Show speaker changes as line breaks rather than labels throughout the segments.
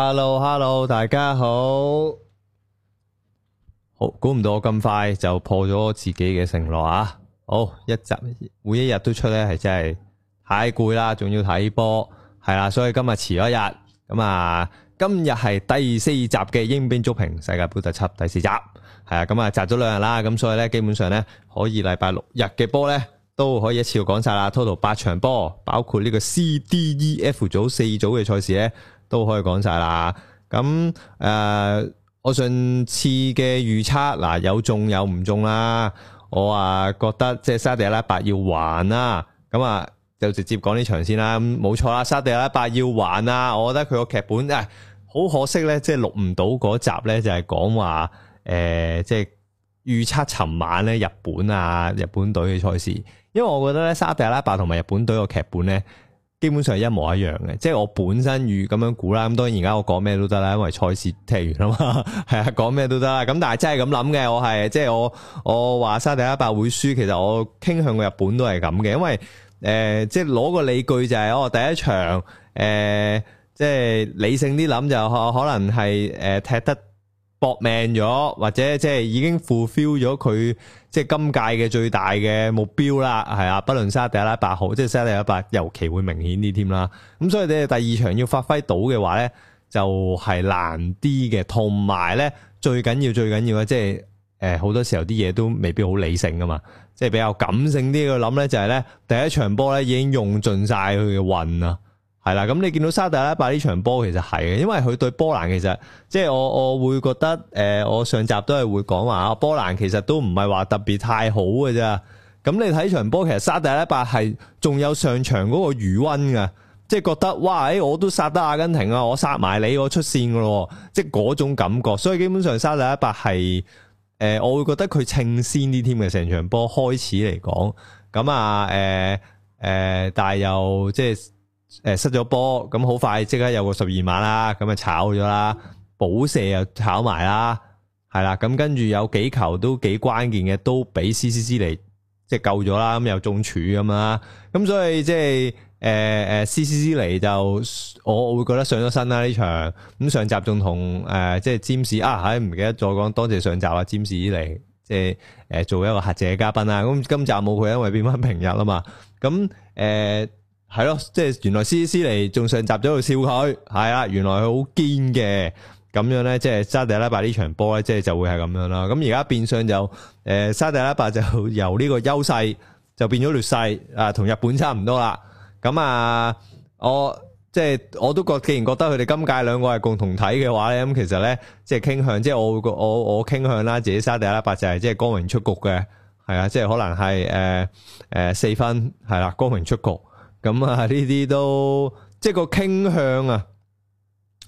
Hello，Hello，Hello，大家好，好估唔到我咁快就破咗自己嘅承諾啊！好一集，每一日都出咧，係真係太攰啦，仲要睇波，係啦，所以今日遲咗一日，咁、嗯、啊，今日係第四集嘅鷹兵足評世界盃特輯第四集，係啊，咁、嗯、啊，集咗兩日啦，咁所以咧，基本上咧，可以禮拜六日嘅波咧，都可以一次過講晒啦。Total 八場波，包括呢個 C、D、E、F 組四組嘅賽事咧，都可以講晒啦。咁誒、呃，我上次嘅預測嗱、啊，有中有唔中啦。我啊覺得即係沙地阿拉伯要還啦。咁啊，就直接講呢場先啦。冇錯啦，沙地阿拉伯要還啊。我覺得佢個劇本誒，好可惜咧，即係錄唔到嗰集咧，就係、是、講話誒、呃，即係預測尋晚咧日本啊日本隊嘅賽事。因為我覺得咧，沙地阿拉伯同埋日本隊個劇本咧。基本上一模一樣嘅，即係我本身預咁樣估啦。咁當然而家我講咩都得啦，因為賽事踢完啦嘛，係 啊，講咩都得啦。咁但係真係咁諗嘅，我係即係我我話沙迪阿伯會輸，其實我傾向個日本都係咁嘅，因為誒、呃、即係攞個理據就係、是、哦第一場誒、呃、即係理性啲諗就是、可能係誒、呃、踢得搏命咗，或者即係已經 fulfill 咗佢。即係今屆嘅最大嘅目標啦，係啊，不論沙地阿拉伯啦，即係沙地阿拉伯尤其會明顯啲添啦。咁所以你哋第二場要發揮到嘅話咧，就係、是、難啲嘅。同埋咧，最緊要最緊要咧，即係誒，好、呃、多時候啲嘢都未必好理性噶嘛，即係比較感性啲嘅諗咧，就係咧第一場波咧已經用盡晒佢嘅運啊。係啦，咁你見到沙特阿拉伯呢場波其實係嘅，因為佢對波蘭其實即係我我會覺得誒、呃，我上集都係會講話阿波蘭其實都唔係話特別太好嘅啫。咁你睇場波，其實沙特阿拉伯係仲有上場嗰個餘溫噶，即係覺得哇，誒、欸，我都殺得阿根廷啊，我殺埋你，我出線噶咯，即係嗰種感覺。所以基本上沙特阿拉伯係誒、呃，我會覺得佢稱先啲添嘅成場波開始嚟講，咁啊誒誒、呃呃，但係又即係。誒，失咗波，咁好快即刻有個十二碼啦，咁啊炒咗啦，補射又炒埋啦，係啦，咁跟住有幾球都幾關鍵嘅，都俾 C C C 嚟即係救咗啦，咁又中柱咁啊，咁所以即係誒誒 C C C 嚟就我，我會覺得上咗身啦呢場，咁上集仲同誒即係占士啊，唔記得咗講，多謝上集啊占士嚟即係誒做一個客席嘅嘉賓啦，咁今集冇佢，因為變翻平日啦嘛，咁誒。呃係咯，即係原來 C.C. 嚟，仲上集咗度笑佢，係啊，原來佢好堅嘅，咁樣咧，即係沙地阿拉伯呢場波咧，即係就會係咁樣啦。咁而家變相就，誒，沙地阿拉伯就由呢個優勢就變咗劣勢，啊，同日本差唔多啦。咁啊，我即係我都覺，既然覺得佢哋今屆兩個係共同體嘅話咧，咁其實咧，即係傾向，即係我會我我傾向啦，自己沙地阿拉伯就係即係光明出局嘅，係啊，即係可能係誒誒四分係啦，光明出局。咁啊，呢啲都即係個傾向啊，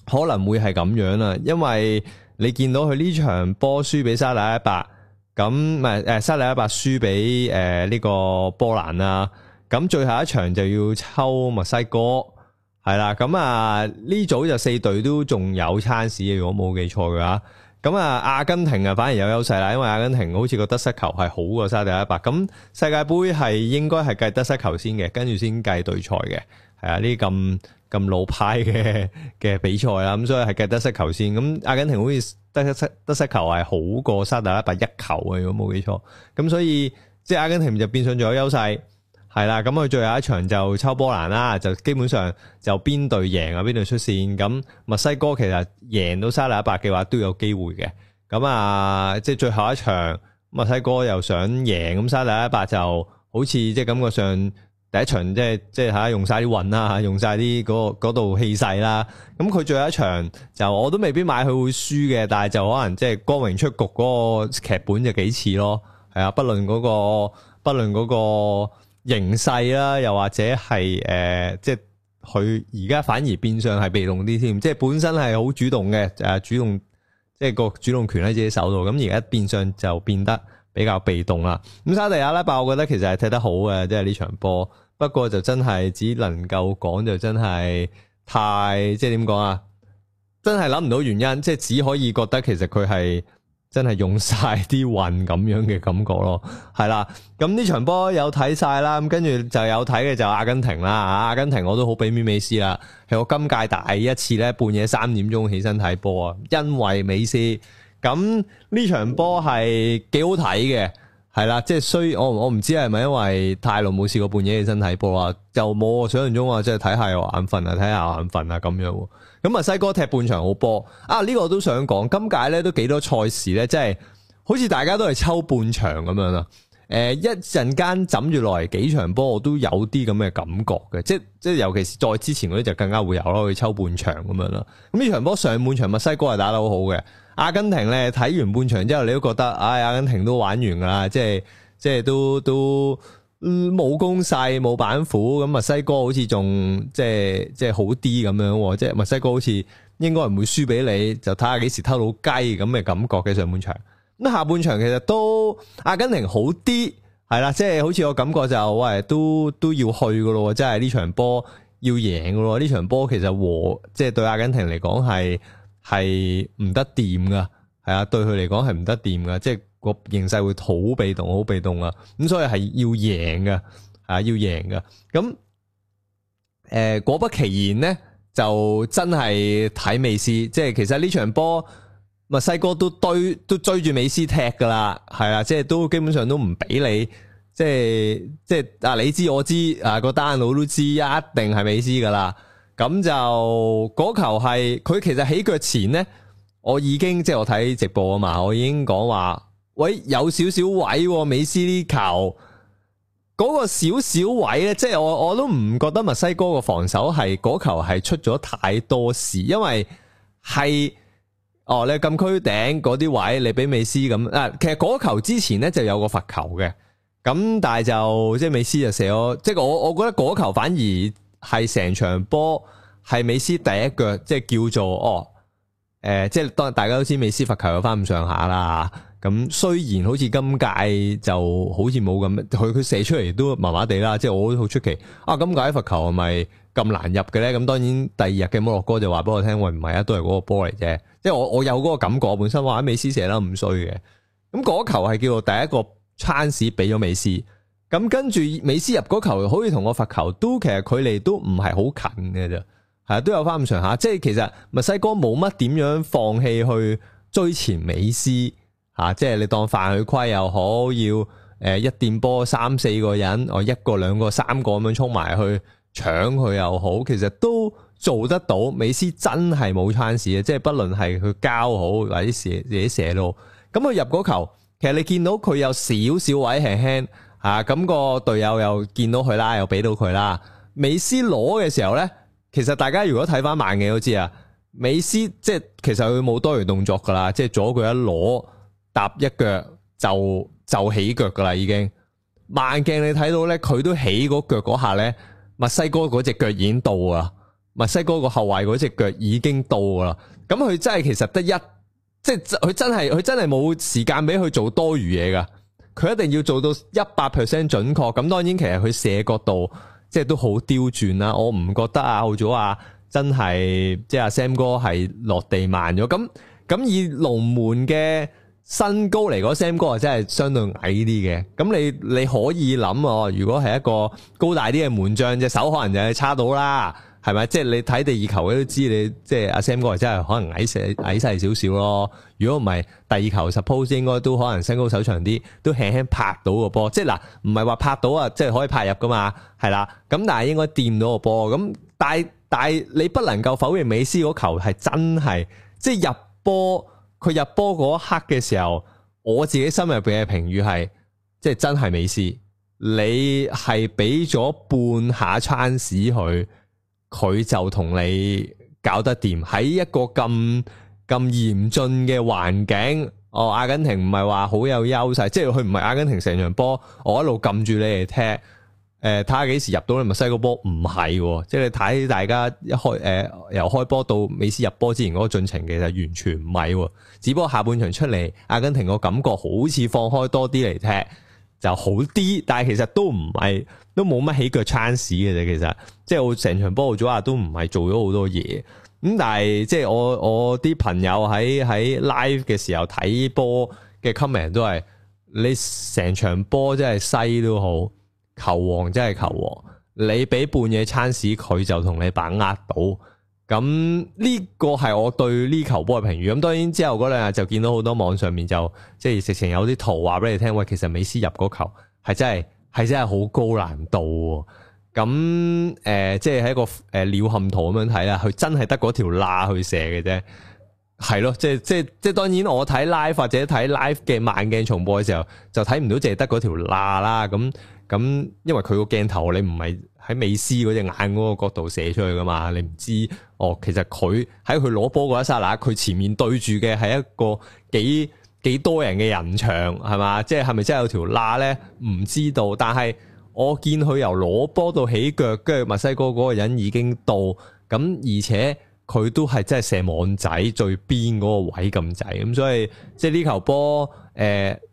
可能會係咁樣啦，因為你見到佢呢場波輸俾沙地阿拉伯，咁咪誒沙地阿拉伯輸俾誒呢個波蘭啦，咁最後一場就要抽墨西哥，係啦，咁啊呢組就四隊都仲有 chance 嘅，如果冇記錯嘅話。咁啊，阿根廷啊反而有優勢啦，因為阿根廷好似個得失球係好過沙地阿拉伯。咁世界盃係應該係計得失球先嘅，跟住先計對賽嘅，係啊，呢啲咁咁老派嘅嘅比賽啦，咁所以係計得失球先。咁阿根廷好似得失失得失球係好過沙地阿拉伯一球啊，如果冇記錯。咁所以即係阿根廷就變相仲有優勢。係啦，咁佢最後一場就抽波蘭啦，就基本上就邊隊贏啊，邊隊出線。咁墨西哥其實贏到沙特阿拉伯嘅話都有機會嘅。咁啊，即係最後一場，墨西哥又想贏，咁沙特阿拉伯就好似即係感覺上第一場即係即係嚇用晒啲運啦嚇，用晒啲嗰度氣勢啦。咁佢最後一場就我都未必買佢會輸嘅，但係就可能即係光榮出局嗰個劇本就幾似咯。係啊，不論嗰個，不論嗰個。形勢啦，又或者係誒、呃，即係佢而家反而變相係被動啲添，即係本身係好主動嘅，誒主動，即係個主動權喺自己手度。咁而家變相就變得比較被動啦。咁沙地阿拉伯我覺得其實係踢得好嘅，即係呢場波。不過就真係只能夠講，就真係太，即係點講啊？真係諗唔到原因，即係只可以覺得其實佢係真係用晒啲運咁樣嘅感覺咯，係啦，咁呢場波有睇晒啦，咁跟住就有睇嘅就阿根廷啦、啊，阿根廷我都好俾面美斯啦，係我今屆第一次咧半夜三點鐘起身睇波啊，因為美斯，咁呢場波係幾好睇嘅，係啦，即係雖我我唔知係咪因為太耐冇試過半夜起身睇波啊，又冇想象中話即係睇下眼瞓啊，睇下眼瞓啊咁樣。咁墨西哥踢半場好波啊！呢、這個我都想講，今屆咧都幾多賽事咧，即係好似大家都係抽半場咁樣啦。誒、呃、一陣間枕住落嚟幾場波，我都有啲咁嘅感覺嘅，即係即係尤其是再之前嗰啲就更加會有咯，去抽半場咁樣啦。咁呢場波上半場墨西哥係打得好好嘅，阿根廷咧睇完半場之後，你都覺得，唉、哎，阿根廷都玩完噶啦，即係即係都都。都冇攻勢冇板斧，咁墨西哥好似仲即係即係好啲咁樣，即係墨西哥好似應該唔會輸俾你，就睇下幾時偷到雞咁嘅感覺嘅上半場。咁下半場其實都阿根廷好啲，係啦，即係好似我感覺就喂，都都要去噶咯，即係呢場波要贏噶咯。呢場波其實和即係對阿根廷嚟講係係唔得掂噶，係啊，對佢嚟講係唔得掂噶，即係。個形勢會好被，被動，好被動啊！咁所以係要贏噶，吓要贏噶。咁、呃、誒，果不其然咧，就真係睇美斯。即係其實呢場波，墨西哥都追都追住美斯踢噶啦，係啦，即係都基本上都唔俾你，即係即係啊！你知我知啊，那個單佬都知，一定係美斯噶啦。咁就嗰球係佢其實起腳前咧，我已經即係我睇直播啊嘛，我已經講話。喂，有少少位，哦，美斯呢球，嗰，那個少少位咧，即係我我都唔覺得墨西哥個防守係嗰球係出咗太多事，因為係哦，你禁區頂嗰啲位，你俾美斯咁啊，其實嗰球之前咧就有個罰球嘅，咁但係就即係美斯就射咗，即係我我覺得嗰球反而係成場波係美斯第一腳，即係叫做哦，誒、呃，即係當大家都知美斯罰球有翻咁上下啦。咁雖然好似今屆就好似冇咁，佢佢射出嚟都麻麻地啦。即係我好出奇啊！今屆罰球係咪咁難入嘅咧？咁當然第二日嘅摩洛哥就話俾我聽，喂，唔係啊，都係嗰個波嚟啫。即係我我有嗰個感覺，本身話美斯射得唔衰嘅。咁嗰球係叫做第一個 chance 俾咗美斯。咁跟住美斯入嗰球，可以同個罰球都其實距離都唔係好近嘅啫，係啊，都有翻咁上下。即係其實墨西哥冇乜點樣放棄去追前美斯。啊，即係你當飯去虧又好，要誒、呃、一墊波三四個人，我一個兩個三個咁樣衝埋去搶佢又好，其實都做得到。美斯真係冇餐事嘅，即係不論係佢交好或者射自己射到，咁、嗯、佢入嗰球，其實你見到佢有少少位輕輕吓，咁、啊個隊友又見到佢啦，又俾到佢啦。美斯攞嘅時候呢，其實大家如果睇翻慢鏡都知啊，美斯即係其實佢冇多餘動作噶啦，即係阻佢一攞。搭一腳就就起腳噶啦，已經慢鏡你睇到咧，佢都起嗰腳嗰下咧，墨西哥嗰隻腳已經到啦，墨西哥個後衛嗰隻腳已經到啦。咁佢真係其實得一，即係佢真係佢真係冇時間俾佢做多餘嘢噶，佢一定要做到一百 percent 準確。咁當然其實佢射角度即係都好刁鑽啦，我唔覺得啊，後咗啊，真係即係阿 Sam 哥係落地慢咗。咁咁以龍門嘅。身高嚟講 Sam 哥啊，真係相對矮啲嘅。咁你你可以諗哦，如果係一個高大啲嘅門將，隻手可能就係差到啦，係咪？即係你睇第二球嘅都知，你即係阿 Sam 哥啊，真係可能矮細矮細少少咯。如果唔係第二球，Suppose 應該都可能身高手長啲，都輕輕拍到個波。即係嗱，唔係話拍到啊，即係可以拍入噶嘛，係啦。咁但係應該掂到個波。咁但但係你不能夠否認，美斯嗰球係真係即係入波。佢入波嗰一刻嘅時候，我自己心入邊嘅評語係，即係真係美斯，你係俾咗半下餐屎佢，佢就同你搞得掂。喺一個咁咁嚴峻嘅環境，哦，阿根廷唔係話好有優勢，即係佢唔係阿根廷成場波，我一路撳住你哋踢。誒，睇下幾時入到你墨西哥波，唔係喎，即係你睇大家一開誒、呃、由開波到美斯入波之前嗰個進程，其實完全唔係喎。只不過下半場出嚟，阿根廷個感覺好似放開多啲嚟踢就好啲，但係其實都唔係，都冇乜起腳 chance 嘅啫。其實即係我成場波咗下都唔係做咗好多嘢。咁但係即係我我啲朋友喺喺 live 嘅時候睇波嘅 comment 都係你成場波真係西都好。球王真係球王，你俾半夜餐屎佢就同你把握到，咁呢個係我對呢球波嘅評語。咁當然之後嗰兩日就見到好多網上面就即係直情有啲圖話俾你聽，喂，其實美斯入嗰球係真係係真係好高難度，咁誒、呃，即係喺個誒鳥瞰圖咁樣睇啦，佢真係得嗰條罅去射嘅啫，係咯，即係即係即係，當然我睇 live 或者睇 live 嘅慢鏡重播嘅時候，就睇唔到，淨係得嗰條罅啦，咁。咁，因為佢個鏡頭你唔係喺美斯嗰隻眼嗰個角度射出去㗎嘛，你唔知哦。其實佢喺佢攞波嗰一剎那，佢前面對住嘅係一個幾幾多人嘅人牆係嘛？即係係咪真係有條罅咧？唔知道。但係我見佢由攞波到起腳，跟住墨西哥嗰個人已經到。咁而且佢都係真係射網仔最邊嗰個位咁滯。咁所以即係呢球波。誒，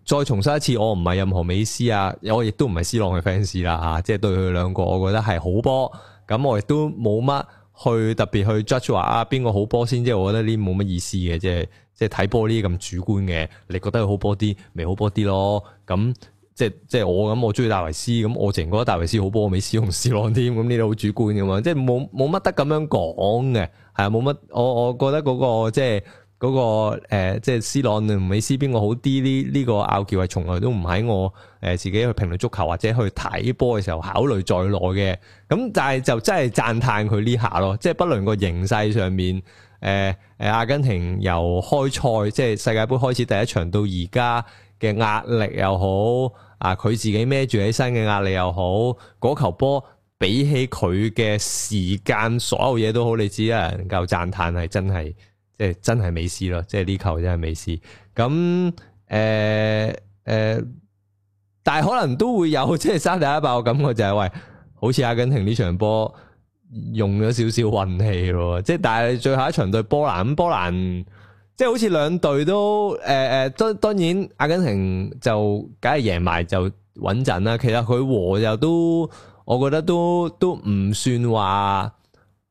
再重申一次，我唔係任何美斯啊，我亦都唔係 C 朗嘅 fans 啦嚇，即係對佢兩個，我覺得係好波，咁我亦都冇乜去特別去 judge 話啊邊個好波先，即係我覺得呢冇乜意思嘅，即係即係睇波呢啲咁主觀嘅，你覺得佢好波啲，咪好波啲咯，咁即係即係我咁，我中意戴維斯咁，我淨覺得戴維斯好波，美斯同 C 朗添，咁呢啲好主觀嘅嘛，即係冇冇乜得咁樣講嘅，係啊，冇乜，我我覺得嗰個即係。嗰、那個誒、呃，即係 C 朗同美斯邊個好啲？呢呢個拗撬係從來都唔喺我誒、呃、自己去評論足球或者去睇波嘅時候考慮再攞嘅。咁但係就真係讚歎佢呢下咯，即係不論個形勢上面，誒、呃、誒、呃、阿根廷由開賽即係世界盃開始第一場到而家嘅壓力又好，啊佢自己孭住起身嘅壓力又好，嗰球波比起佢嘅時間所有嘢都好，你知能夠讚歎係真係。即係真係美斯咯，即係呢球真係美斯。咁誒誒，但係可能都會有即係三打一爆嘅感覺，就是，就係喂，好似阿根廷呢場波用咗少少運氣咯。即係但係最後一場對波蘭，咁波蘭即係好似兩隊都誒誒，當、呃、當然阿根廷就梗係贏埋就穩陣啦。其實佢和又都，我覺得都都唔算話。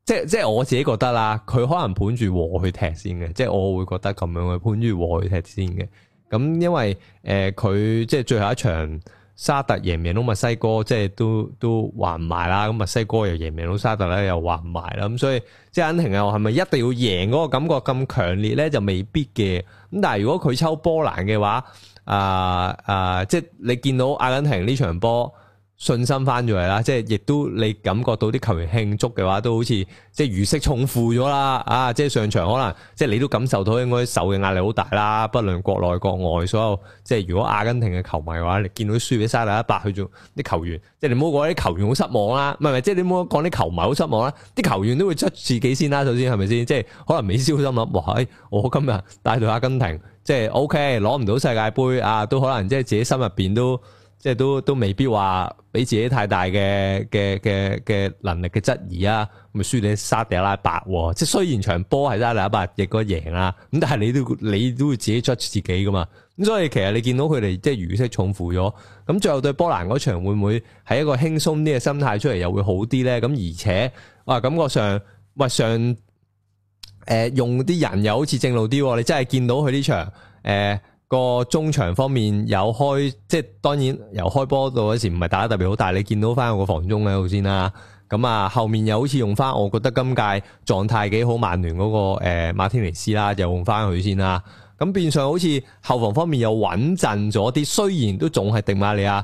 即係即係我自己覺得啦，佢可能盤住和去踢先嘅，即係我會覺得咁樣會盤住和去踢先嘅。咁因為誒佢、呃、即係最後一場沙特贏唔贏到墨西哥，即係都都還唔埋啦。咁墨西哥又贏唔贏到沙特咧，又還唔埋啦。咁所以即係阿根廷又係咪一定要贏嗰個感覺咁強烈咧？就未必嘅。咁但係如果佢抽波蘭嘅話，啊、呃、啊、呃，即係你見到阿根廷呢場波。信心翻咗嚟啦，即係亦都你感覺到啲球員慶祝嘅話，都好似即係如釋重負咗啦。啊，即係上場可能即係你都感受到應該受嘅壓力好大啦。不論國內國外，所有即係如果阿根廷嘅球迷嘅話，你見到輸俾沙特一百，去做啲球員，即係你唔好講啲球員好失望啦，唔係唔係，即係你唔好講啲球迷好失望啦。啲球員都會出自己先啦，首先係咪先？即係可能未消心諗，哇，哎，我今日帶到阿根廷，即係 OK，攞唔到世界盃啊，都可能即係自己心入邊都。即係都都未必話俾自己太大嘅嘅嘅嘅能力嘅質疑啊，咪輸你沙地阿拉伯，即係雖然場波係沙地阿拉伯亦個贏啦，咁但係你都你都會自己 judge 自己噶嘛。咁所以其實你見到佢哋即係如釋重負咗，咁最後對波蘭嗰場會唔會係一個輕鬆啲嘅心態出嚟又會好啲咧？咁而且我感覺上喂上誒、呃、用啲人又好似正路啲，你真係見到佢呢場誒。呃個中場方面有開，即係當然由開波到嗰時唔係打得特別好，但係你見到翻我個防中喺度先啦。咁啊，後面又好似用翻，我覺得今屆狀態幾好，曼聯嗰個誒馬天尼斯啦，就換翻佢先啦。咁變相好似後防方面又穩陣咗啲，雖然都總係迪馬利亞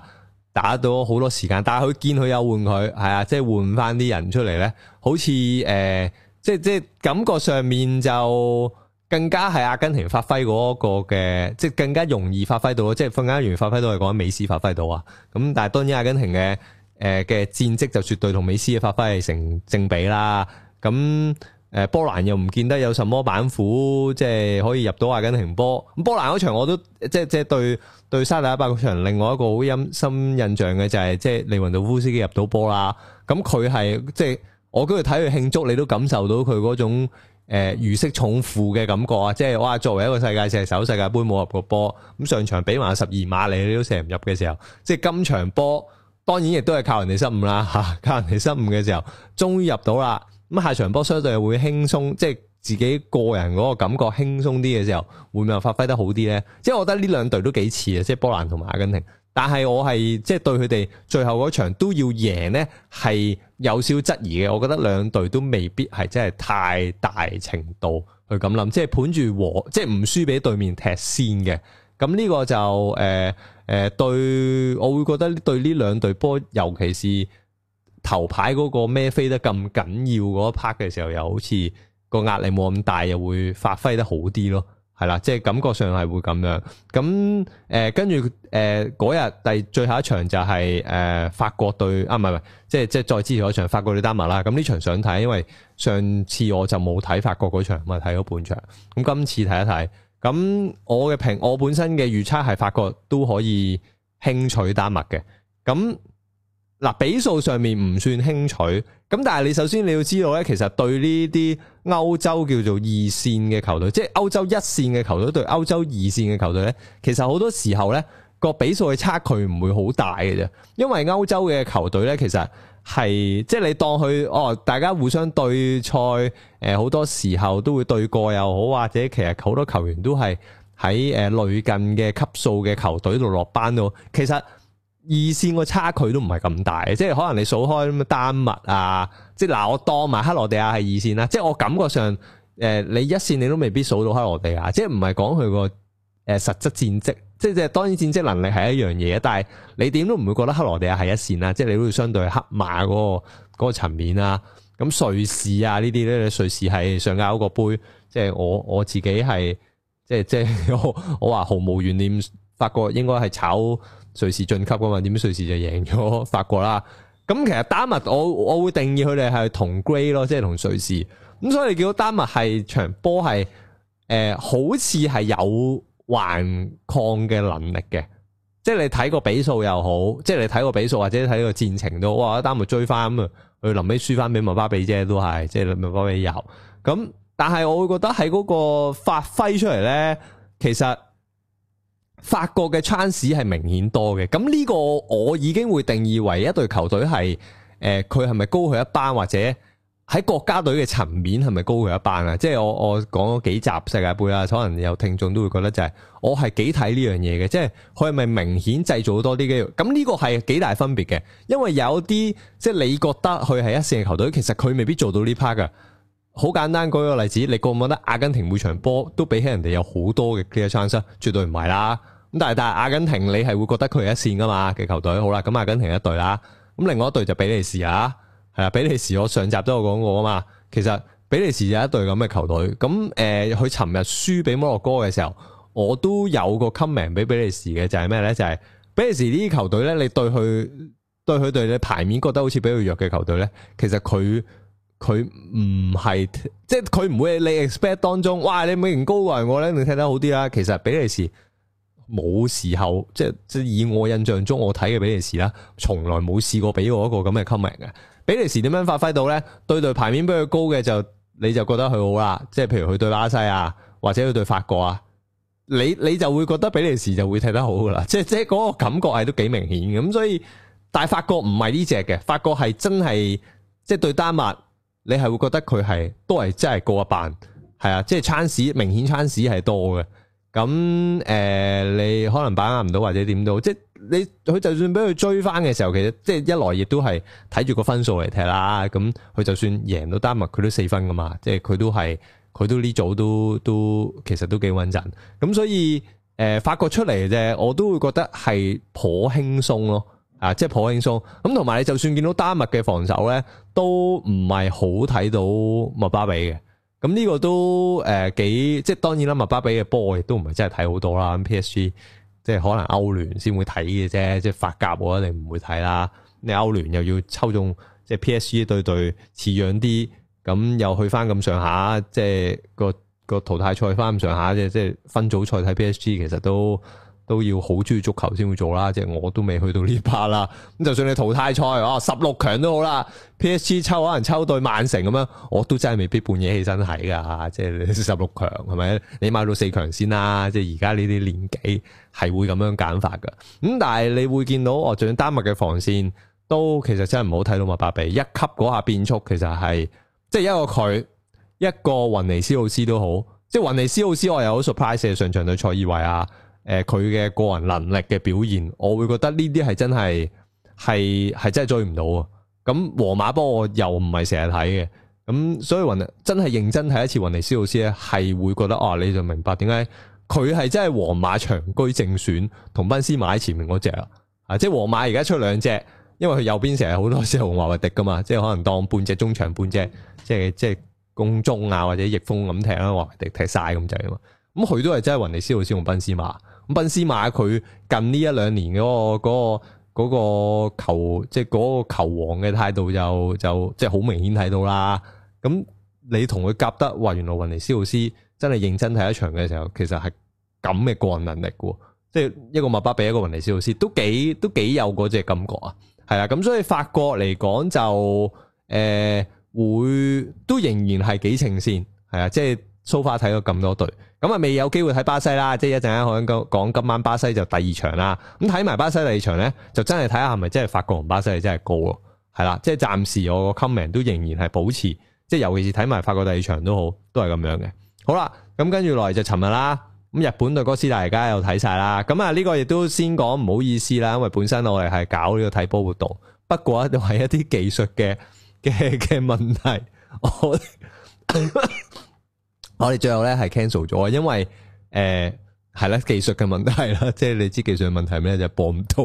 打到好多時間，但係佢見佢又換佢，係啊，即係換翻啲人出嚟咧，好似誒、呃，即係即係感覺上面就。更加係阿根廷發揮嗰個嘅，即係更加容易發揮到咯，即係更加容易發揮到，係講美斯發揮到啊！咁但係當然阿根廷嘅誒嘅戰績就絕對同美斯嘅發揮成正比啦。咁誒、呃、波蘭又唔見得有什麼板斧，即係可以入到阿根廷波。波蘭嗰場我都即係即係對對沙地阿伯嗰場，另外一個好陰深印象嘅就係、是、即係利雲道夫斯基入到波啦。咁佢係即係我今日睇佢慶祝，你都感受到佢嗰種。誒、呃、如釋重負嘅感覺啊，即係哇！作為一個世界射手，世界盃冇入過波，咁上場比埋十二碼嚟，你都射唔入嘅時候，即係今場波當然亦都係靠人哋失誤啦嚇、啊，靠人哋失誤嘅時候，終於入到啦。咁下場波相對會輕鬆，即係自己個人嗰個感覺輕鬆啲嘅時候，會唔會發揮得好啲呢？即係我覺得呢兩隊都幾似啊，即係波蘭同埋阿根廷。但係我係即係對佢哋最後嗰場都要贏呢係有少少質疑嘅。我覺得兩隊都未必係真係太大程度去咁諗，即係盤住和，即係唔輸俾對面踢先嘅。咁呢個就誒誒、呃呃、對，我會覺得對呢兩隊波，尤其是頭牌嗰、那個咩飛得咁緊要嗰一 part 嘅時候，又好似個壓力冇咁大，又會發揮得好啲咯。係啦，即係感覺上係會咁樣，咁誒跟住誒嗰日第最後一場就係、是、誒、呃、法國對啊唔係唔係，即係即係再之前一場法國對丹麥啦。咁呢場想睇，因為上次我就冇睇法國嗰場，咪睇咗半場。咁今次睇一睇，咁我嘅評，我本身嘅預測係法國都可以輕取丹麥嘅，咁。嗱，比數上面唔算輕取，咁但係你首先你要知道咧，其實對呢啲歐洲叫做二線嘅球隊，即係歐洲一線嘅球隊對歐洲二線嘅球隊咧，其實好多時候咧個比數嘅差距唔會好大嘅啫，因為歐洲嘅球隊咧其實係即係你當佢哦，大家互相對賽，誒好多時候都會對過又好，或者其實好多球員都係喺誒類近嘅級數嘅球隊度落班咯，其實。二線個差距都唔係咁大，即係可能你數開丹麥啊，即係嗱我當埋克羅地亞係二線啦。即係我感覺上，誒、呃、你一線你都未必數到克羅地亞，即係唔係講佢個誒實質戰績，即係即係當然戰績能力係一樣嘢，但係你點都唔會覺得克羅地亞係一線啦。即係你都要相對黑馬嗰，那個嗰個層面啊。咁瑞士啊呢啲咧，瑞士係上屆嗰個杯，即係我我自己係即係即係我我話毫無懸念，法國應該係炒。瑞士進級噶嘛？點解瑞士就贏咗法國啦？咁其實丹麥我我會定義佢哋係同 grade 咯，即係同瑞士。咁所以你見到丹麥係場波係誒，好似係有橫抗嘅能力嘅。即係你睇個比數又好，即係你睇個比數或者睇個戰情都好，哇，丹麥追翻咁啊！佢臨尾輸翻俾麥巴比啫，都係即係麥巴比有。咁但係我會覺得喺嗰個發揮出嚟咧，其實。法國嘅 chance 係明顯多嘅，咁呢個我已經會定義為一隊球隊係，誒佢係咪高佢一班或者喺國家隊嘅層面係咪高佢一班啊？即係我我講咗幾集世界盃啦，可能有聽眾都會覺得就係我係幾睇呢樣嘢嘅，即係佢係咪明顯製造多啲機率？咁呢個係幾大分別嘅，因為有啲即係你覺得佢係一線球隊，其實佢未必做到呢 part 噶。好簡單，舉個例子，你覺唔覺得阿根廷每場波都比起人哋有好多嘅 clear chance？絕對唔係啦。咁但係但係阿根廷，你係會覺得佢係一線噶嘛嘅球隊？好啦，咁阿根廷一隊啦，咁另外一隊就比利時啊，係啊，比利時我上集都有講過啊嘛。其實比利時就係一隊咁嘅球隊。咁、嗯、誒，佢尋日輸俾摩洛哥嘅時候，我都有個 comment 俾比利時嘅，就係咩咧？就係、是、比利時隊呢啲球隊咧，你對佢對佢對你牌面覺得好似比佢弱嘅球隊咧，其實佢佢唔係，即係佢唔會你 expect 當中，哇！你每年高過我咧，你踢得好啲啦。其實比利時。冇時候，即即以我印象中我睇嘅比利時啦，從來冇試過俾我一個咁嘅 comment 嘅。比利時點樣發揮到呢？對對，對排面比佢高嘅就，你就覺得佢好啦。即係譬如佢對巴西啊，或者佢對法國啊，你你就會覺得比利時就會踢得好噶啦。即即嗰個感覺係都幾明顯嘅。咁所以，但係法國唔係呢隻嘅，法國係真係即係對丹麥，你係會覺得佢係都係真係過一半，係啊，即係參差明顯參差係多嘅。咁誒、呃，你可能把握唔到或者點都，即係你佢就算俾佢追翻嘅時候，其實即係一來亦都係睇住個分數嚟踢啦。咁佢就算贏到丹麥，佢都四分㗎嘛，即係佢都係佢都呢組都都其實都幾穩陣。咁所以誒法國出嚟啫，我都會覺得係頗輕鬆咯，啊，即係頗輕鬆。咁同埋你就算見到丹麥嘅防守咧，都唔係好睇到麥巴比嘅。咁呢個都誒幾即係當然啦，麥巴比嘅波我亦都唔係真係睇好多啦。咁 P.S.G. 即係可能歐聯先會睇嘅啫，即係法甲我一定唔會睇啦。你歐聯又要抽中即係 P.S.G. 對對似樣啲，咁又去返咁上下，即係個個淘汰賽返咁上下啫，即係分組賽睇 P.S.G. 其實都。都要好中意足球先會做啦，即係我都未去到呢 part 啦。咁就算你淘汰賽哦，十六強都好啦，PSG 抽可能抽對曼城咁樣，我都真係未必半夜起身睇噶吓，即係十六強係咪？你買到四強先啦，即係而家呢啲年紀係會咁樣揀法噶。咁、嗯、但係你會見到我就算丹麥嘅防線都其實真係唔好睇到麥巴比一級嗰下變速，其實係即係一個佢一個雲尼斯奧斯都好，即係雲尼斯奧斯我有好 surprise 嘅上場對塞爾維亞。誒佢嘅個人能力嘅表現，我會覺得呢啲係真係係係真係追唔到啊！咁皇馬波我又唔係成日睇嘅，咁所以雲真係認真睇一次雲尼斯老師咧，係會覺得哦，啊，你就明白點解佢係真係皇馬長居正選，同賓斯馬喺前面嗰隻啊！啊，即係皇馬而家出兩隻，因為佢右邊成日好多時候華維迪噶嘛，即係可能當半隻中場半隻，即係即係攻中啊或者逆風咁踢啊，華維迪踢晒咁滯啊嘛，咁佢都係真係雲尼斯老師同賓斯馬。咁賓斯馬佢近呢一兩年嗰、嗰個、嗰個、嗰個球即係嗰個球王嘅態度就就即係好明顯睇到啦。咁你同佢夾得話，原來雲尼斯老斯真係認真睇一場嘅時候，其實係咁嘅個人能力嘅，即、就、係、是、一個麥巴比一個雲尼斯老斯，都幾都幾有嗰隻感覺啊。係啊，咁所以法國嚟講就誒、呃、會都仍然係幾情線，係啊，即係 so far 睇咗咁多隊。咁啊，未有機會睇巴西啦，即係一陣間可講講今晚巴西就第二場啦。咁睇埋巴西第二場呢，就真係睇下係咪真係法國同巴西係真係高咯，係啦。即係暫時我個 comment 都仍然係保持，即係尤其是睇埋法國第二場都好，都係咁樣嘅。好啦，咁跟住落嚟就尋日啦。咁日本對哥斯達黎加又睇晒啦。咁啊，呢個亦都先講唔好意思啦，因為本身我哋係搞呢個睇波活動，不過都係一啲技術嘅嘅嘅問題。我 我哋最後咧，係 cancel 咗，因為誒係啦技術嘅問題啦，即係你知技術嘅問題咩？就播唔到，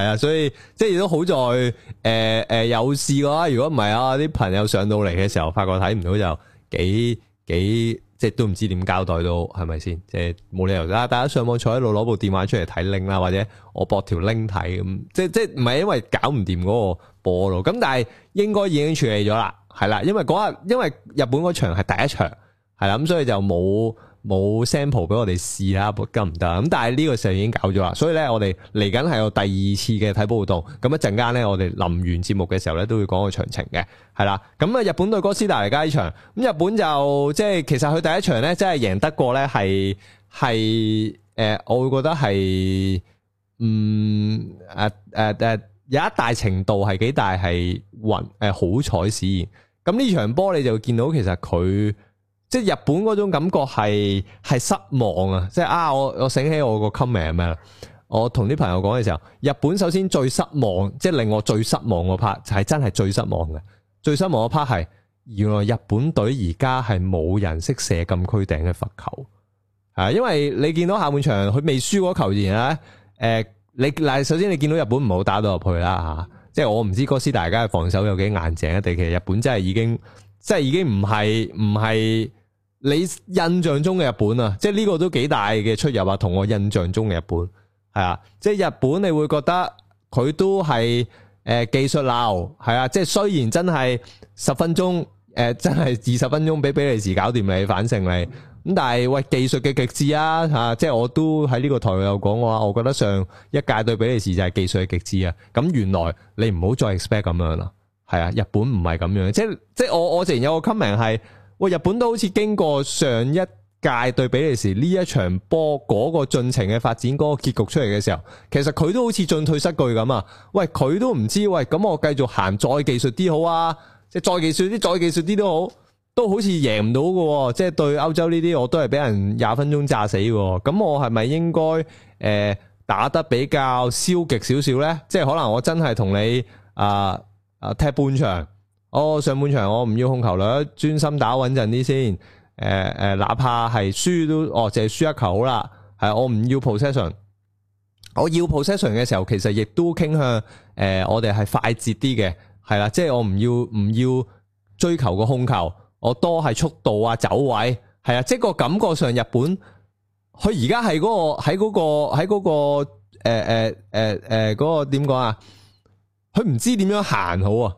係啊，所以即係都好在誒誒、呃呃、有事嘅啦。如果唔係啊，啲朋友上到嚟嘅時候，發覺睇唔到就幾幾，即係都唔知點交代到，係咪先？即係冇理由㗎。大家上網坐喺度攞部電話出嚟睇 link 啦，或者我播條 link 睇咁，即即係唔係因為搞唔掂嗰個播咯。咁但係應該已經處理咗啦，係啦，因為嗰日，因為日本嗰場係第一場。係啦，咁、嗯、所以就冇冇 sample 俾我哋試啦，咁唔得咁。但係呢個時候已經搞咗啦，所以咧我哋嚟緊係有第二次嘅睇波活動。咁一陣間咧，我哋臨完節目嘅時候咧，都會講個詳情嘅。係啦，咁啊日本對哥斯達黎加呢場，咁日本就即係其實佢第一場咧，即係贏得過咧，係係誒，我會覺得係嗯誒誒誒有一大程度係幾大係運誒，好彩事。咁呢場波你就見到其實佢。即係日本嗰種感覺係係失望啊！即係啊，我我醒起我個 comment 係咩啦？我同啲朋友講嘅時候，日本首先最失望，即係令我最失望個 part 就係真係最失望嘅。最失望個 part 係原來日本隊而家係冇人識射禁區頂嘅罰球，係因為你見到下半場佢未輸嗰球之前咧、呃，你嗱首先你見到日本唔好打到入去啦嚇，即係我唔知哥斯大嘅防守有幾硬淨啊！但係其實日本真係已經即係已經唔係唔係。你印象中嘅日本啊，即係呢個都幾大嘅出入啊，同我印象中嘅日本係啊，即係日本你會覺得佢都係誒、呃、技術流係啊，即係雖然真係十分鐘誒、呃、真係二十分鐘俾比利時搞掂你反勝你，咁但係喂技術嘅極致啊吓、啊，即係我都喺呢個台又講話，我覺得上一屆對比利時就係技術嘅極致啊，咁原來你唔好再 expect 咁樣啦，係啊，日本唔係咁樣，即係即係我我之前有個 comment 係。喂，日本都好似經過上一屆對比利時呢一場波嗰個進程嘅發展，嗰個結局出嚟嘅時候，其實佢都好似進退失據咁啊！喂，佢都唔知喂，咁我繼續行再技術啲好啊，即係再技術啲，再技術啲都好，都好似贏唔到㗎，即係對歐洲呢啲我都係俾人廿分鐘炸死㗎，咁我係咪應該誒、呃、打得比較消極少少呢？即係可能我真係同你啊啊、呃呃、踢半場。哦，上半場我唔要控球率，專心打穩陣啲先。誒、呃、誒、呃，哪怕係輸都，哦，淨係輸一球好啦。係我唔要 possession，我要 possession 嘅時候，其實亦都傾向誒、呃，我哋係快捷啲嘅，係啦，即係我唔要唔要追求個控球，我多係速度啊，走位係啊，即係個感覺上日本，佢而家係嗰個喺嗰個喺嗰個誒誒誒誒嗰個點講啊？佢唔知點樣行好啊！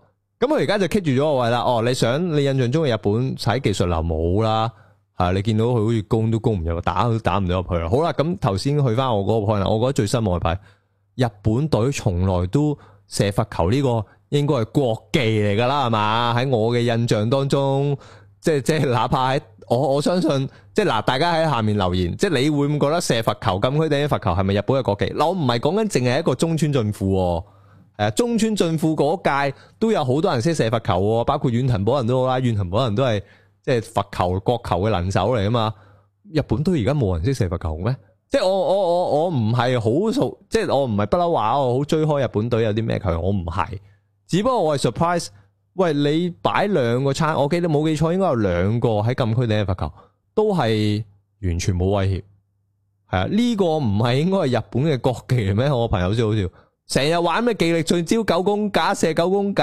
咁佢而家就 keep 住咗個位啦。哦，你想你印象中嘅日本喺技術流冇啦，係、啊、你見到佢好似攻都攻唔入，打都打唔到入去啦。好啦，咁頭先去翻我嗰個 point 我覺得最失望嘅，日本隊從來都射罰球呢個應該係國技嚟㗎啦，係嘛？喺我嘅印象當中，即係即係，哪怕喺我我相信，即係嗱，大家喺下面留言，即係你會唔會覺得射罰球，咁？佢哋啲罰球係咪日本嘅國技？我唔係講緊淨係一個中村俊輔，啊。誒中村俊輔嗰屆都有好多人識射罰球喎，包括遠藤保仁都好啦，遠藤保仁都係即係罰球、國球嘅能手嚟啊嘛。日本隊而家冇人識射罰球咩？即係我我我我唔係好熟，即係我唔係不嬲話我好追開日本隊有啲咩球員，我唔係。只不過我係 surprise，喂，你擺兩個餐，我記得冇記錯應該有兩個喺禁區頂罰球，都係完全冇威脅。係啊，呢、這個唔係應該係日本嘅國技咩？我朋友先好笑。成日玩咩技力進招九宮格射九宮格，